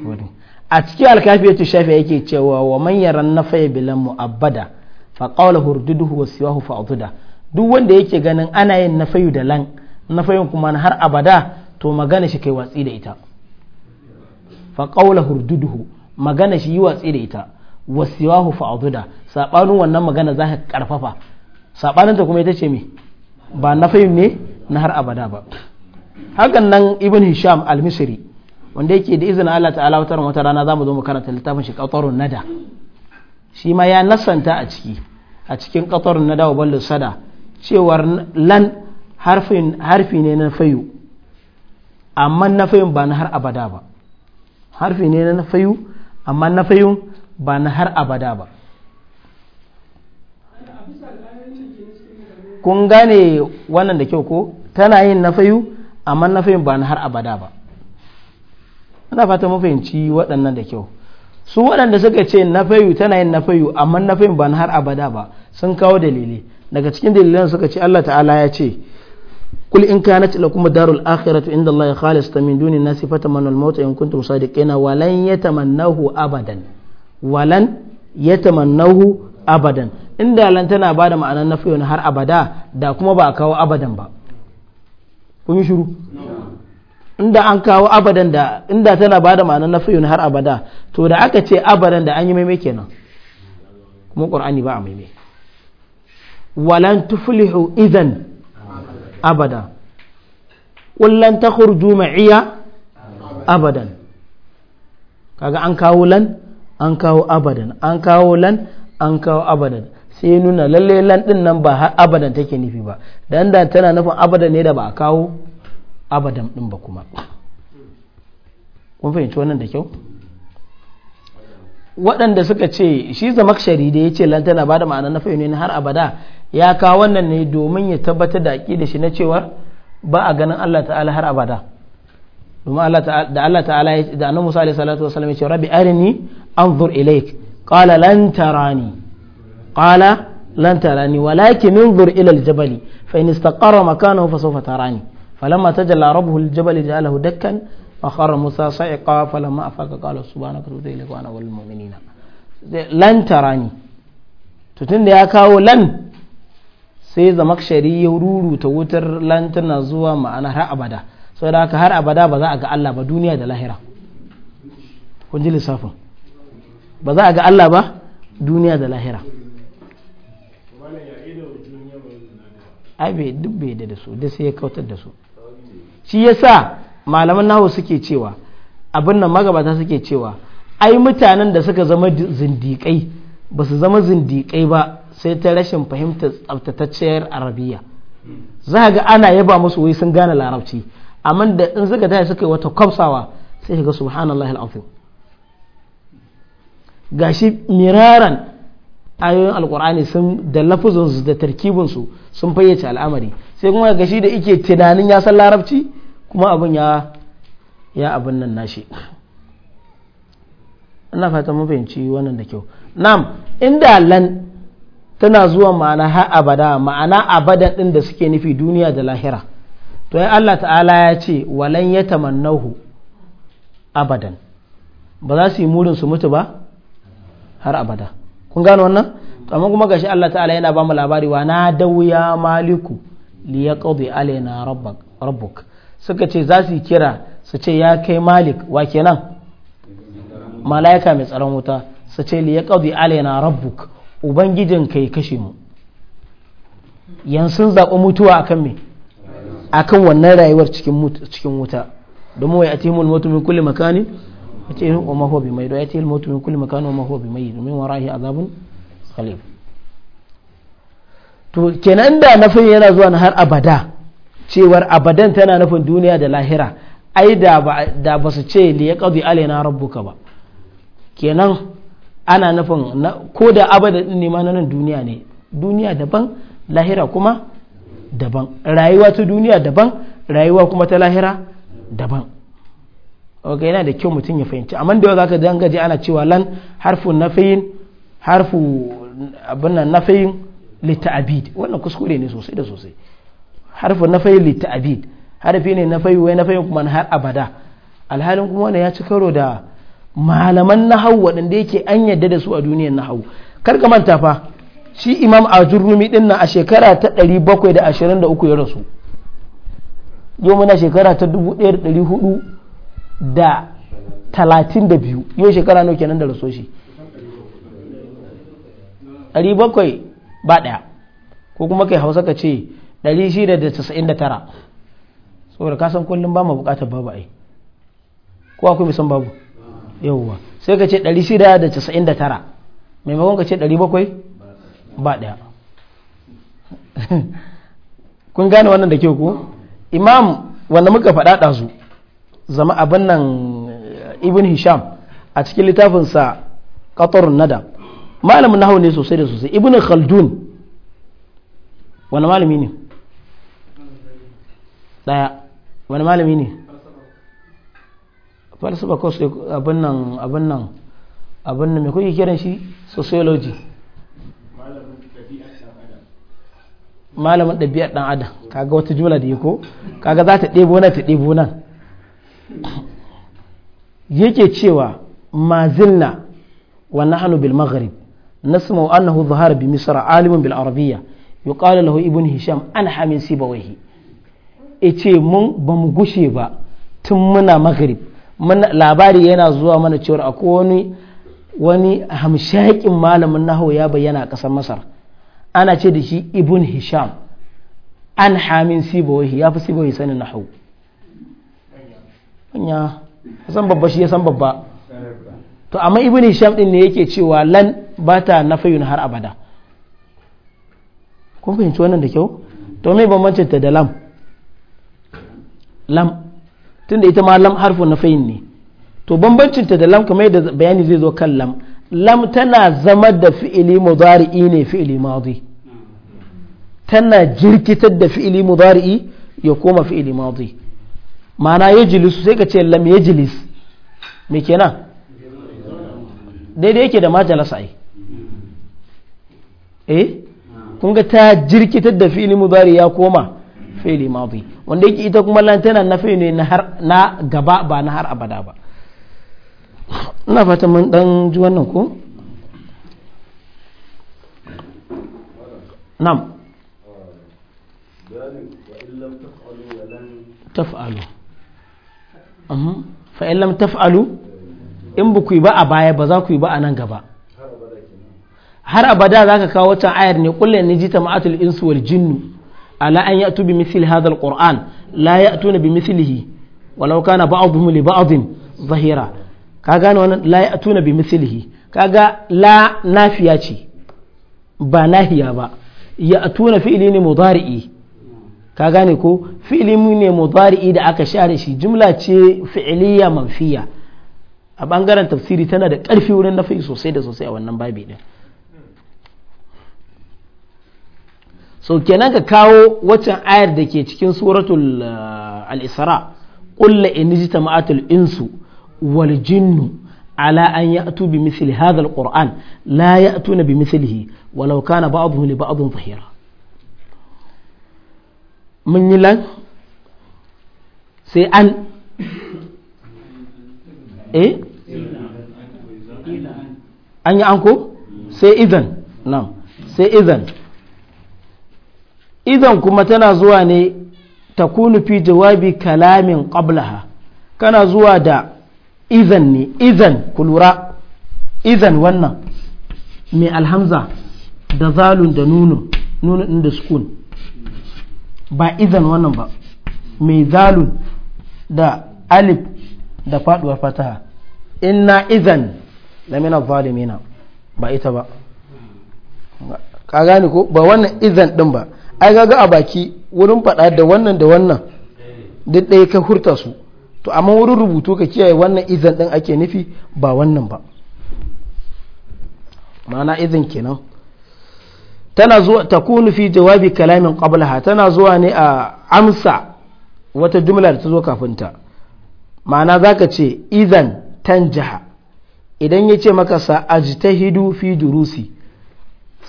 a cikin alkafiyatu shafi yake cewa wa man na nafaya bilan mu'abbada fa qawluhu rududuhu wa siwahu fa'duda duk wanda yake ganin ana yin nafayu da lan nafayin kuma na har abada to magana shi kai watsi da ita fa qawluhu rududuhu magana shi yi watsi da ita wa siwahu fa'duda sabanin wannan magana za ka karfafa sabanin ta kuma ita ce me ba nafayin ne na har abada ba hakan nan ibn hisham al-misri wanda yake da izinin Allah ta'ala wata wata rana za mu zo mu karanta littafin shi qatarun nada shi ma ya nasanta a ciki a cikin qatarun nada wa ballu sada cewar lan harfin harfi ne na fayu amma na fayun ba na har abada ba harfi ne na fayu amma na fayun ba na har abada ba kun gane wannan da kyau ko tana yin na fayu amma na fayun ba na har abada ba ana fata mafahimci waɗannan da kyau su waɗanda suka ce na fayu tana yin na fayu amma nafayin ba na har abada ba sun kawo dalili daga cikin dalilan suka ce Allah ta'ala ya ce kul in kanat lakum darul akhiratu inda Allah ya khalis ta min duni nasi fatamannu al mauta in kuntum wa walan yatamannahu abadan walan yatamannahu abadan inda lan tana bada ma'anar na nafayu har abada da kuma ba a kawo abadan ba kun shiru inda an kawo abadan da inda tana ba da ma'anar nafi har abada to da aka ce abadan da an yi maimai kenan kuma ƙwar'ani ba a maimai walan tuflihu idan abada ƙullan ta hurju ma'iya abadan kaga an kawo lan an kawo abadan an kawo lan an kawo abadan sai nuna lallai lan din nan ba abadan take nufi ba dan da tana nufin abadan ne da ba a kawo abadan ɗin ba kuma kun fahimci wannan da kyau waɗanda suka ce shi zamakshari da ya ce lantana ba da ma'ana na fahimci har abada ya kawo wannan ne domin ya tabbatar da da shi na cewa ba a ganin Allah ta'ala har abada domin da Allah ta'ala ya da annabi Musa alaihi salatu wasallam ya ce rabbi arini anzur ilaik qala lan tarani qala lan tarani walakin anzur ila al-jabali fa in istaqarra makanahu fa sawfa tarani فلما تجلى ربه الجبل جعله دكا وخر موسى صعقا فلما افاق قال سبحانك تبت إليك وأنا والمؤمنين لن تراني تتند يا كاو لن sai zamakshari ya ruruta wutar lantana zuwa ma'anar har abada sau da haka har abada ba za a ga Allah ba duniya da lahira kun ji lissafin ba za a ga Allah ba duniya da lahira ai bai duk bai da su da sai ya kautar da shi yasa malaman nahu suke cewa abin nan magabata suke cewa ai mutanen da suka zama zindiƙai ba su zama zindiƙai ba sai ta rashin fahimtar tsaftatacciyar arabiya za ga ana yaba musu wai sun gane larabci amma da in suka tashi suka yi wata kwamsawa sai ga subhanallah Ga gashi miraran ayoyin alkur'ani sun da lafuzansu da tarkibinsu sun fayyace al'amari sai kuma ga shi da ike tunanin ya san larabci kuma abin ya ya abin nan nashi ina fata mun fahimci wannan da kyau nam inda lan tana zuwa ma'ana har abada ma'ana abada din da suke nufi duniya da lahira to ai Allah ta'ala ya ce walan ya abadan ba za su yi murin su mutu ba har abada kun gano wannan amma kuma gashi Allah ta'ala yana ba mu labari wa na dawya maliku liyaqdi alaina rabbak rabbuk suka ce za su kira su ce ya kai malik wa kenan malaika mai tsaron wuta su ce liyaqdi alaina rabbuk ubangijin kai kashe mu yansun zaɓi mutuwa akan me akan wannan rayuwar cikin cikin wuta domin wai atihimul mautu min kulli makani atihimul mautu min kulli makani wa ma huwa bimayyit min warahi azabun khalif to kenan da nafin yana zuwa na har abada cewar abadan tana nufin duniya da lahira ai da ba su ce li ya qadi alaina rabbuka ba kenan ana nufin ko da abada din ne ma na nan duniya ne duniya daban lahira kuma daban rayuwa ta duniya daban rayuwa kuma ta lahira daban ok yana da kyau mutum ya fahimci amma da yau zaka dangaje ana cewa lan harfu nafiyin harfu abin nan litabid wannan kuskure ne sosai da sosai harfin na fayi litabid harfi ne na fayi wai na fayi kuma har abada alhalin kuma wannan ya ci karo da malaman nahawu waɗanda yake an yadda da su a duniyar nahawu kar ka manta fa shi imam ajurrumi din nan a shekara ta 723 ya rasu yau muna shekara ta 1400 da 32 yau shekara nawa kenan da rasu shi 700 ba ɗaya ko kuma kai hausa ka ce 699 saboda ka san kullum ba mu bukatar babu ai ko akwai bisan babu yawwa sai ka ce 699 maimakon ka ce 700 ba ɗaya kun gane wannan da kyau ko imam wanda muka faɗa su zama abin nan ibn hisham a cikin littafinsa qatar nadam malamin nahawu ne sosai da sosai ibn khaldun wani malami ne daya wani malami ne falsafa ko sai abin nan abin nan abin nan me kuke kiran shi sociology malamin ɗabi'ar dan adam kaga wata jumla da yi ko kaga za ta ɗebo nan ta ɗebo nan yake cewa mazilna wa nahnu bil maghrib نسمع أنه ظهر بمصر عالم بالعربية يقال له ابن هشام أنا حمي سيبويه ice mun ba mu gushe ba tun muna maghrib labari yana zuwa mana cewar akwai wani wani hamshakin malamin nahu ya bayyana a ƙasar masar ana ce ibn hisham an hamin sibawahi ya fi sibawahi sanin nahu ya san babba shi ya san babba to amma ibn hisham din ne yake cewa lan ba ta nafayun har abada kun fahimci wannan da kyau to mai bambancin ta da lam lam tunda ita ma lam harfu nafayin ne to bambancin ta da lam kamar yadda bayani zai zo kan lam lam tana zama da fi'ili mudari'i ne fi'ili madi tana jirkitar da fi'ili mudari'i ya koma fi'ili madi ma'ana yajlisu sai ka ce lam yajlis me kenan daidai yake da majalasa ai eh kun ga ta jirkitar da fi'ili mudari ya koma fi'ili madi wanda yake ita kuma lan tana na fi'ili na har na gaba ba na har abada ba ina fata mun dan ji wannan ko nam taf'alu mhm. fa'in lam taf'alu in ba ku yi ba a baya ba za ku yi ba a nan gaba har abada za ka kawo wata ayar ne kulle ne jita ma'atul insu wal jinnu ala an ya tubi misil hadal qur'an la tuna bi mithlihi walau kana ba'dhum li ba'dhin zahira ka gane wannan la tuna bi mithlihi kaga la nafiya ce ba nahiya ba ya tuna fi'li ne mudari'i ka gane ko fi'li ne mudari'i da aka share shi jumla ce fi'liya manfiya a bangaren tafsiri tana da ƙarfi wurin nafi sosai da sosai a wannan babi din so kenan ka kawo waccan ayar da ke cikin suratul ah, al-isra qul in jitama'atul insu wal jinnu ala an ya'tu bi misli hadha al-qur'an la ya ya'tuna bi mislihi walau kana ba'dhum li ba'dhin zahira mun yi lan sai an eh an yi anko sai izan nan sai idan idan kuma tana zuwa ne ta fi jawabi kalamin ƙablaha kana zuwa da idan ne idan kulura izan wannan mai alhamza da zalun da nunu nunu da sukun ba idan wannan ba mai zalun da alif da faduwar fataha inna idan lamina zalimina ba ita ba ka gane ko ba wannan idan din ba ai gaga a baki wurin faɗa da wannan da wannan duk ɗaya ka hurta su to amma wurin rubutu ka kiyaye wannan izan din ake nufi ba wannan ba ma'ana izin kenan tana zuwa ta kunu fi jawabi kalamin qablaha tana zuwa ne a amsa wata jumla da ta zo kafinta ma'ana zaka ce izan tanjaha idan ya ce maka sa'ajtahidu fi durusi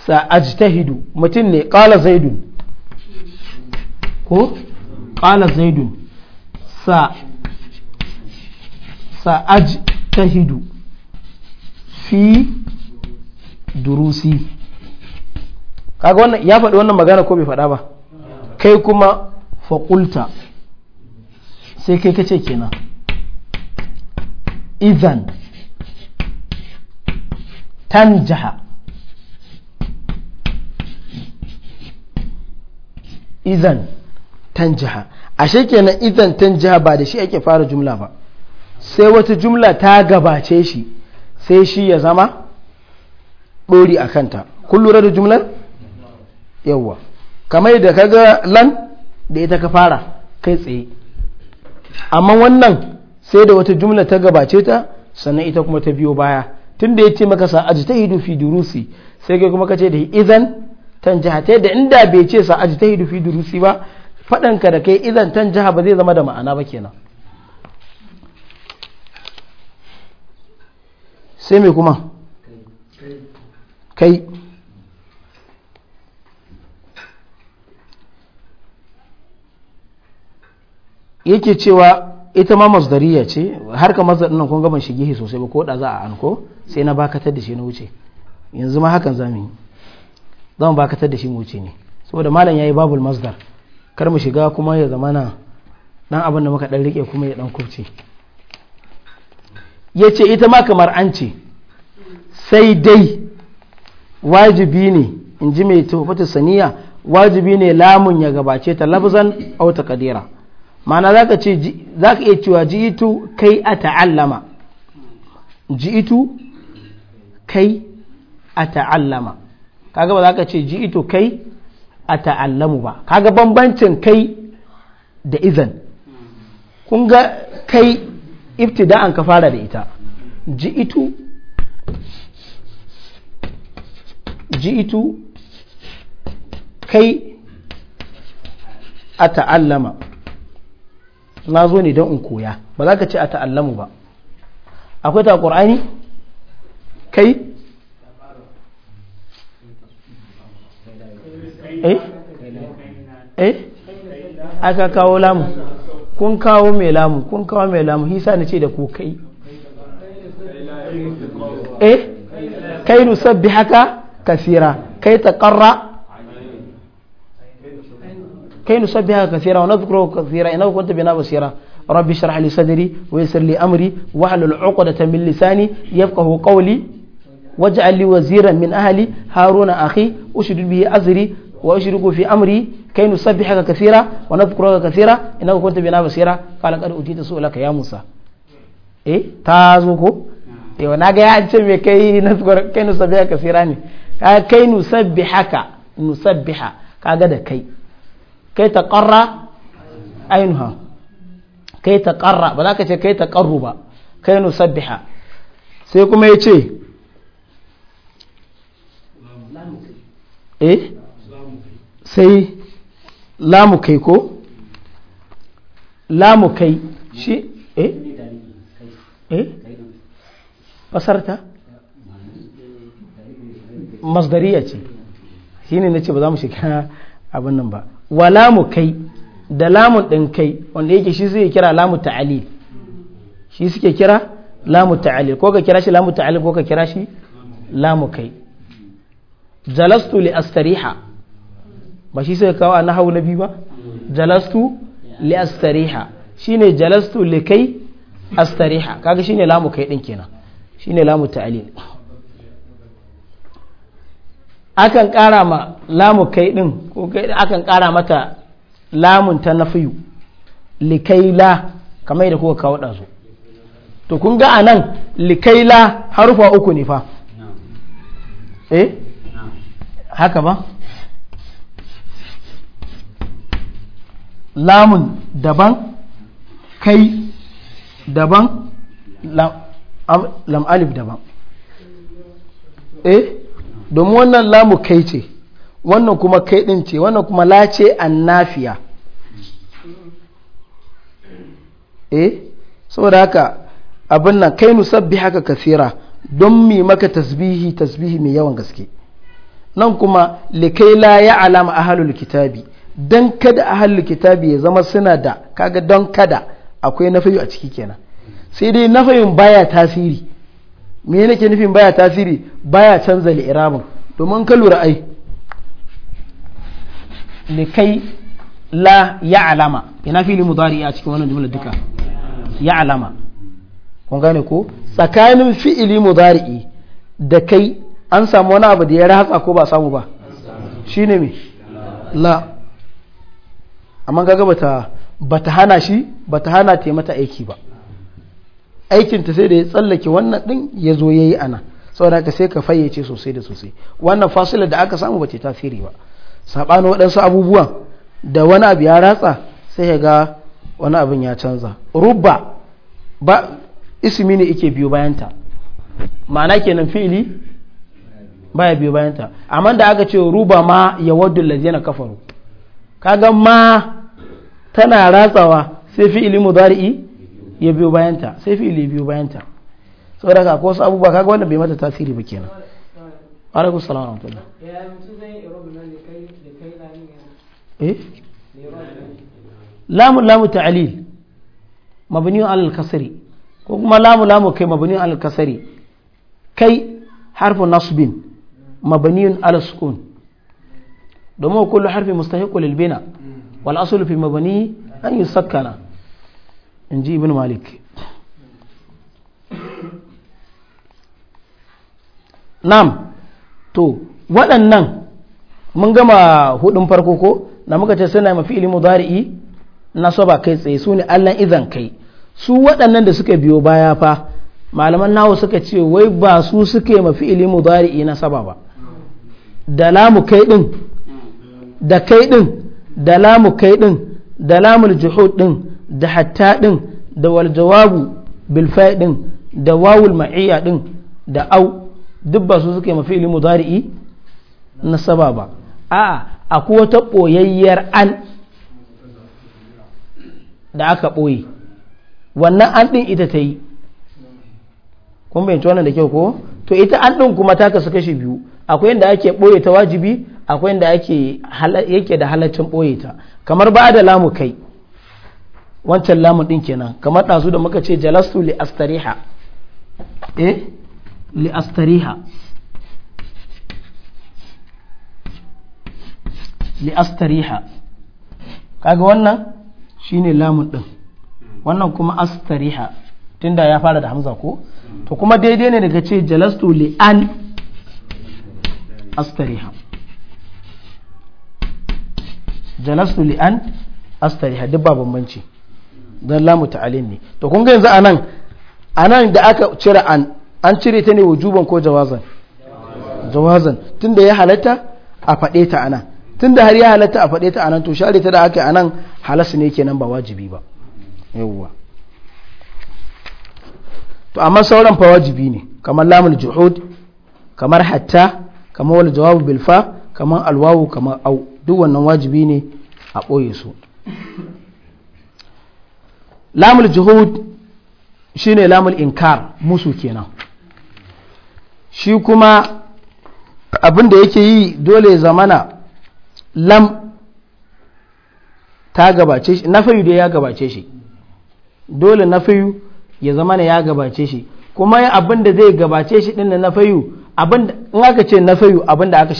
sa'ajtahidu mutum ne ƙala zaidun ko ƙala zaidun sa sa'ajtahidu fi durusi kaga wannan ya faɗi wannan magana ko bai faɗa ba kai kuma faƙulta sai kai kace kenan idan tanjaha idan tanjaha ashe kenan idan tanjaha ba da shi ake fara jumla ba sai wata jumla ta gabace shi sai shi ya zama ɗori a kanta kullura jumla da jumlar yawwa kamar da kaga lan da ita ka fara kai tsaye amma wannan sai da wata jumla ta gabace ta sannan ita kuma ta biyo baya tunda ya ce maka aji ta hidu fi durusi sai kai kuma ka ce da idan tan jiha ta yadda inda bai ce aji ta hidu fi durusi ba ka da kai idan tan jiha ba zai zama da ma'ana ba kenan sai mai kuma kai yake cewa ita ma masdariya ce har ka masdar nan kun gaban shigihi sosai ba ko da za a anko sai na bakatar da shi na wuce yanzu ma hakan zamu yi zan bakatar da shi mu wuce ne saboda malam yayi babul masdar kar mu shiga kuma ya zamana dan abin da muka dan rike kuma ya dan kurce yace ita ma kamar an ce sai dai wajibi ne in ji mai tofata saniya wajibi ne lamun ya gabace ta lafzan au taqdira ma'ana zaka ce zaka iya cewa ji'itu kai a ta'allama ji'itu kai a ta'allama kaga ba za ka ce ji'itu kai a ta'allamu ba kaga bambancin kai da izan kun ga kai ibtida'an ka fara da ita ji'itu ji'itu kai a ta'allama na zo ne don in koya ba za ka ce a ta'allamu ba akwai ta ƙur'ani kai eh eh aka kawo lamu kun kawo mai lamu kun kawo mai lamu hisa na ce da ku kai eh kai nusab bi haka kasira kai ta ƙarra kai nusabbiha kathira wa nadhkuruka kathira inna kunta bina basira rabbi shrah li sadri wa yassir li amri wa hlul 'uqdatan min lisani yafqahu qawli waj'al li min ahli haruna aki ushdud bihi wa ushriku fi amri kai nusabbihaka kathira wa nadhkuruka kathira innaka kunta bina basira qala musa eh ta zo ko na ga ya ne ka kai nusabbihaka nusabbiha da kai kai ta ƙarra ainihin kai ta ƙarra ba za ka ce kai ta ƙarru ba kai nu sai kuma ya ce eh sai lamu kai ko lamu kai shi eh fasarta masdariya ce shi ne na ce ba za mu shiga abin nan ba wa lamu kai da lamun ɗin kai wanda yake shi suke kira lamu ta'ali shi suke kira lamu ta'ali ko ka kira shi lamu ta'ali ko ka kira shi lamu kai jalastu li astariha ba shi suka kawo na hau na biyu ba jalastu li astariha shine jalastu li kai astariha kaga shine lamu kai din kenan shine lamu ta'ali akan ƙara ma lamu kai ɗin ko kai akan ƙara mata lamun ta fiyu likaila kamar da kuka kawo ɗazu to kun ga anan likaila harufa uku ne fa eh haka ba lamun daban kai daban lam alif daban eh domin wannan lamu kai ce wannan kuma kai ɗin ce wannan kuma la ce annafiya eh saboda haka abin nan kai nusabbi haka kasira don mi maka tasbihi tasbihi mai yawan gaske nan kuma likai la ya alama ahalul kitabi don kada ahalul kitabi ya zama suna da kaga don kada akwai nafayu a ciki kenan sai dai nafayin baya tasiri me nake nufin baya tasiri baya canza li'irabin domin ka lura ai likai la ya alama ina fili mudari a cikin wannan jumla duka ya alama kun gane ko tsakanin fi'ili mudari'i da kai an samu wani abu da ya ratsa ko ba samu ba shine me la amma kaga bata bata hana shi bata hana ta mata aiki ba aikin ta sai da ya tsallake wannan din ya zo ya yi ana saboda ka sai ka fayyace sosai da sosai wannan fasilar da aka samu bata tasiri ba sabanin waɗansu abubuwan da wani abu ya ratsa sai ya ga wani abin ya canza rubba ba ismi ne ike biyo bayanta ma'ana kenan fi'ili baya biyo bayanta amma da aka ce ruba ma ya waddu lazina kafaru kaga ma tana ratsawa sai fi'ili mudari'i ya biyo bayanta sai fi'ili ya biyo bayanta saboda ka ko sabu abubuwa kaga wannan bai mata tasiri ba kenan alaikum salam wa rahmatullah eh lamu lamu ta'lil mabniun al kasri ko kuma lamu lamu kai mabniun al kasri kai harfu nasbin mabni ala sukun domin kullu harfi mustahiqu lil bina hmm. wal aslu fi mabni an yusakkana in ji ibn malik nam to waɗannan mun gama hudun farko ko na muka ce suna mafi ilimin zari'i na saba kai tsaye su ne allan izan kai su waɗannan da suka biyo baya fa malaman nawo suka ce wai ba su suke mafi ilimin zari'i na saba ba da lamu kai ɗin da kai ɗin da lamu kai ɗin da lamul juhud ɗin da hatta ɗin da wal jawabu bilfa ɗin da wawul ma'iyya ɗin da au duk ba su suka yi mafi ilimu zari'i na saba ba a akwai wata ɓoyayyar an da aka ɓoye wannan an ɗin ita ta yi kuma bayanci wannan da kyau ko to ita an ɗin kuma ta kasu kashe biyu akwai yadda ake ɓoye ta wajibi akwai yadda ake yake da halaccin ɓoye ta kamar ba da lamu kai wancan lamun din kenan kamar ɗazu da muka ce jalastu li astariha eh li astariha li astariha kaga wannan shine lamun din wannan kuma astariha tunda ya fara da hamza ko to kuma daidai ne daga ce jalastu li an astariha jalastu li an astariha duk ba bambanci dan lamu alin ne to kun a yanzu anan nan da aka cire an an cire ta ne wujuban ko jawazan jawazan da ya halatta a faɗe ta anan da har ya halatta a faɗe ta anan to share ta da aka anan halasu ne kenan ba wajibi ba yawwa to amma sauran fa wajibi ne kamar lamul juhud kamar hatta kamar wal jawabu bil fa kamar alwawu kamar au duk wannan wajibi ne a ɓoye su lamul juhud shine lamul inkar musu kenan shi kuma abin da yake yi dole zamana lam ta gabace shi nafiyu da ya gabace shi dole fayu ya zamana ya gabace shi kuma abin da zai gabace shi din na fayu abin in aka ce nafiyu abin da aka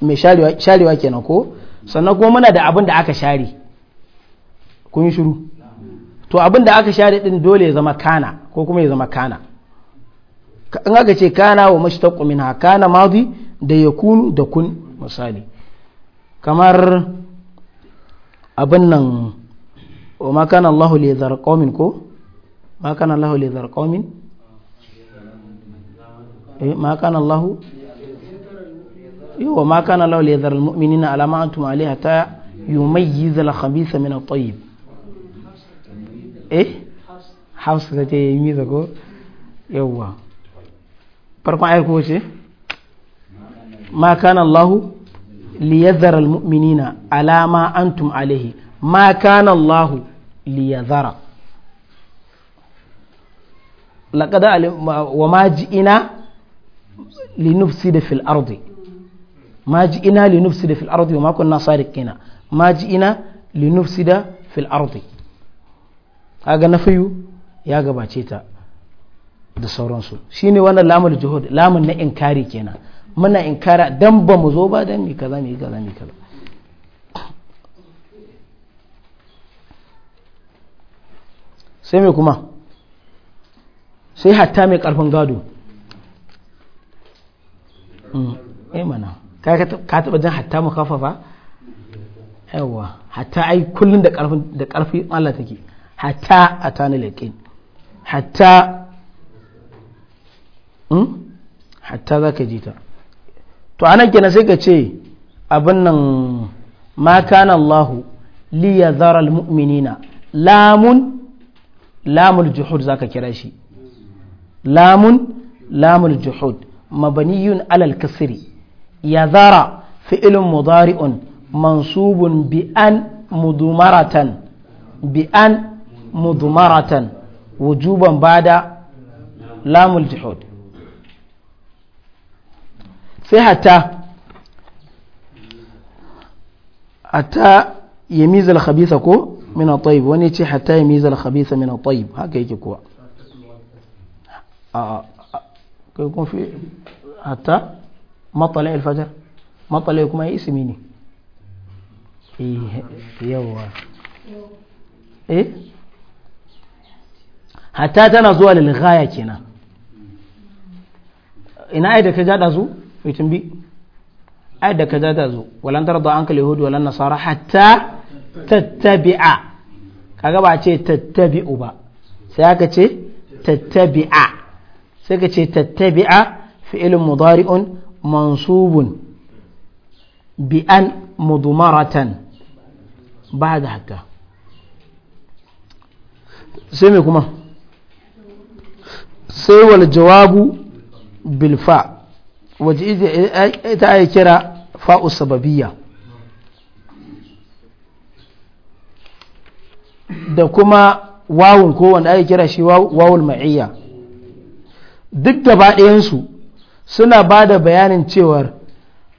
mai sharewa kenan ko sannan kuma muna da abin da aka share kun yi shiru to abin da aka share din dole ya zama kana ko kuma ya zama kana in aka ce kana wa mashtaqu minha kana madi da yakunu da kun misali kamar abin nan wa ma kana Allahu li yadhar qaumin ko ma kana Allahu li yadhar qaumin eh ma kana Allahu yawa eh, ma kana Allahu li yadhar al mu'minina ala ma antum alayhi hatta yumayyiz al khabitha min at tayyib eh house na ce yi miza ko yawwa farkon aiko ce ma kana Allahu liyazara almu'minina ala ma antum alaihi ma kana Allahu liyazara laqad wa ma ji'ina linufsida fil ardi ma ji'ina linufsida fil ardi wa ma kunna sariqina ma ji'ina linufsida fil ardi kaga na fayu ya gabace ta da sauransu shine wannan lamun juhud lamun na inkari kenan muna inkara dan ba mu zo ba dan mi kaza mi kaza mi kaza sai me kuma sai hatta mai karfin gado mm, eh mana ka taba jan hatta mu kafafa yawwa hatta ai kullun da karfin da karfi Allah take hatta a tanil hatta hmm? hatta za ka ji ta to anan kenan sai ka ce abin nan ma kana Allahu li yadhara almu'minina lamun lamul juhud zaka kira shi lamun lamul juhud mabaniyun alal kasri yadhara fi'ilun mudari'un mansubun bi an mudumaratan bi an mudumaratan wujuban bada lamul الجحود sai hatta hatta ya mizal ko mina wani ce hatta ya mizal mina haka yake kuwa a kai fi hatta matsala matsala kuma ya ne yawa eh hatta tana zuwa lil ghaya kenan ina ai da ka jada zu mai tumbi ai da ka jada zu walan tarda anka yahudi walan nasara hatta tattabi'a kaga ba ce tattabi'u ba sai aka ce tattabi'a sai ka ce tattabi'a fi'ilun mudari'un mansubun bi an mudumaratan ba da haka sai me kuma sai wal jawabu bil fa waje ita ai kira fa'u sababiyya da kuma wawun ko wanda ake kira shi wawul ma'iyya duk gaba ɗayansu suna ba da bayanin cewar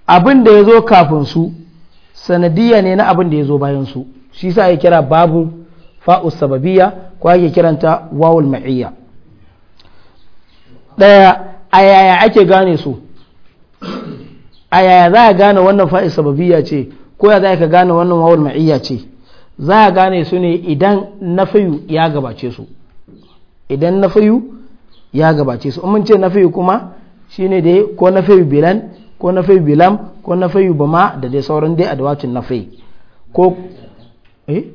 abin da ya zo kafin su sanadiyya ne na abin da ya zo bayansu, shi sa ake kira babu fa'u sababiyya ko ake kiranta wawul ma'iyya ɗaya a yaya ake gane su a yaya za a gane wannan fa’i sababiyya ce ko ya za ka gane wannan wawar ma'iyya ce za a gane su ne idan fayu ya gabace su idan fayu ya gabace su mun ce fayu kuma shi ne dai ko fayu bilan ko fayu bilam ko nafiyu bama da dai sauran dai na fayi ko eh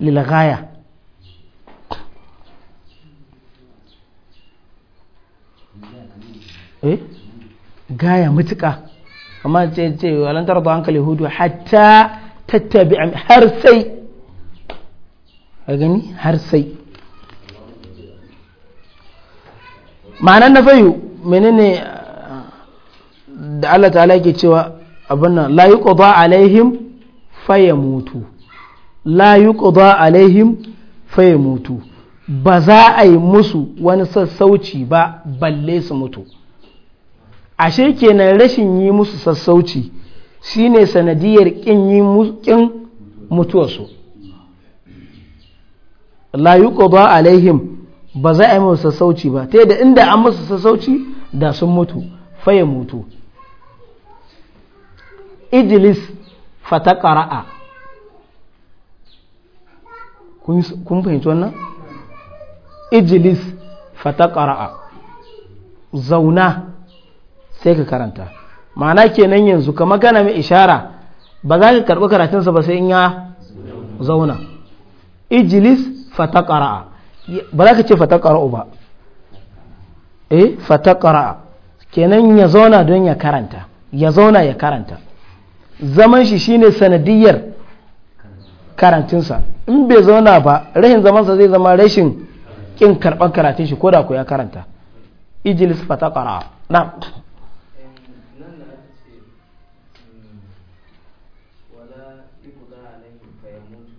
lilagaya Eh? gaya mutuka amma ce ce walantar da hankali hudu hatta tattabi har sai a gani har sai ma'anar na fayu menene da Allah Ta yake cewa abin nan la yuqda alaihim mutu la yuqda alaihim mutu ba za a yi musu wani sassauci ba balle su mutu ashe kenan rashin yi musu sassauci shine sanadiyar kin yi kin mutuwarsu la yuqda alaihim ba za a yi musu sassauci ba ta yadda inda an musu sassauci da sun mutu faye mutu idlis fataqara'a kun kun fahimci wannan idlis qara'a zauna sai ka karanta ma'ana kenan yanzu ka magana mai ishara ba za ka karɓi karatunsa ba sai in ya zauna ijilis fata ƙara'a ba za ka ce fata ba eh fata kenan ya zauna don ya karanta ya zauna ya karanta zaman shi shine sanadiyar karantinsa in bai zauna ba rashin zamansa zai zama rashin kin karɓar karatun shi ko da ku ya karanta ijilis fata ƙara'a na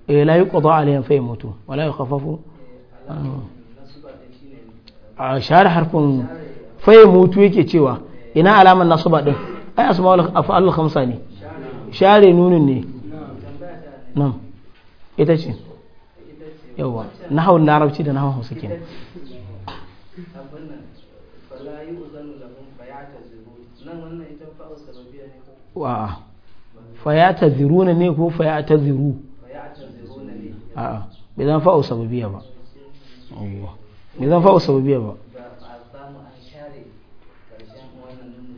eh la yuqda alaihim fa yamutu wa la yukhaffafu a ah. ah, share harfin fa yamutu yake cewa ina alamar nasaba din ai asma'ul af'alul khamsa ne share nunin ne nam ita ce yawa nahawun larabci da nahawun hausa kenan wa fa ya ne ko fa ya a'a bai zama fa'u sababiya ba sababiya ba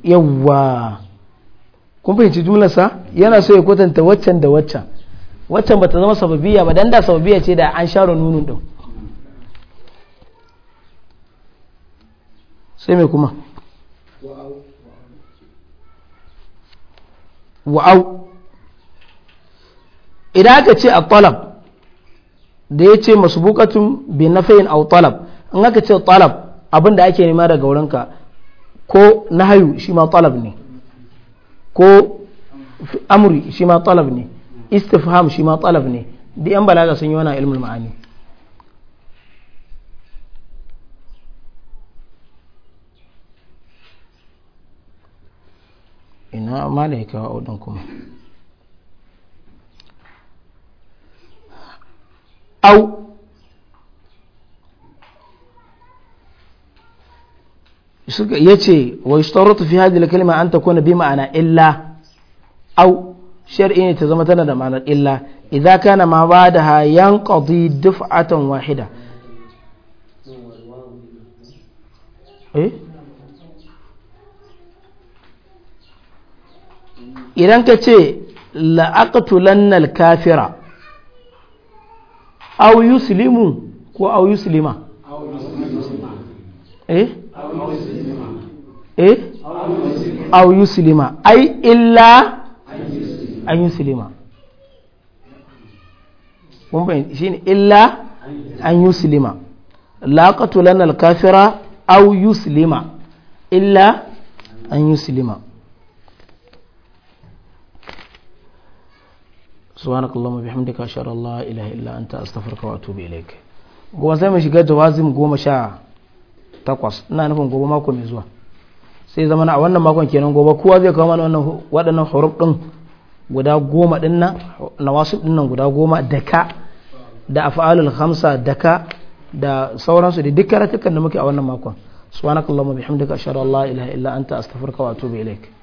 yawwa kun fahimci junansa yana so ya kwatanta waccan da waccan waccan bata zama sababiya ba dan da sababiya ce da an share nunun din sai mai kuma wa'au idan aka ce a ƙwalab da ya ce masbukatun bi nafayin au talab in aka ce talab abin da ake nema daga wurinka ko nahayu shi ma talab ne ko amri shi ma talab ne istifham shi ma talab ne duk yan balaga sun yi wani ilmul ma'ani ina malaika odon kuma au ya ce wa yushtaratu fi hadhihi kalima an takuna bi ma'ana illa au shar'i ne ta zama tana da ma'anar illa idza kana ma hayan yanqadi duf'atan wahida eh? idan ka ce la'aqtulannal kafira aw yuslimu ko aw yuslima eh eh yuslima ai illa an yuslima mun bayan ne illa an yuslima la qatulana kafira aw yuslima illa an yuslima سبحانك اللهم وبحمدك أشهد أن لا إله إلا أنت أستغفرك وأتوب إليك gowa sai mu shiga jawazim goma sha takwas ina nufin gobe mako mai zuwa sai zama a wannan makon kenan gobe kowa zai kawo mana wannan wadannan huruf din guda goma din nan nawasib din nan guda goma da ka da af'alul khamsa da ka da sauransu da dukkan karatukan da muke a wannan makon allahumma bihamdika ashhadu an la ilaha illa anta astaghfiruka wa atubu ilaik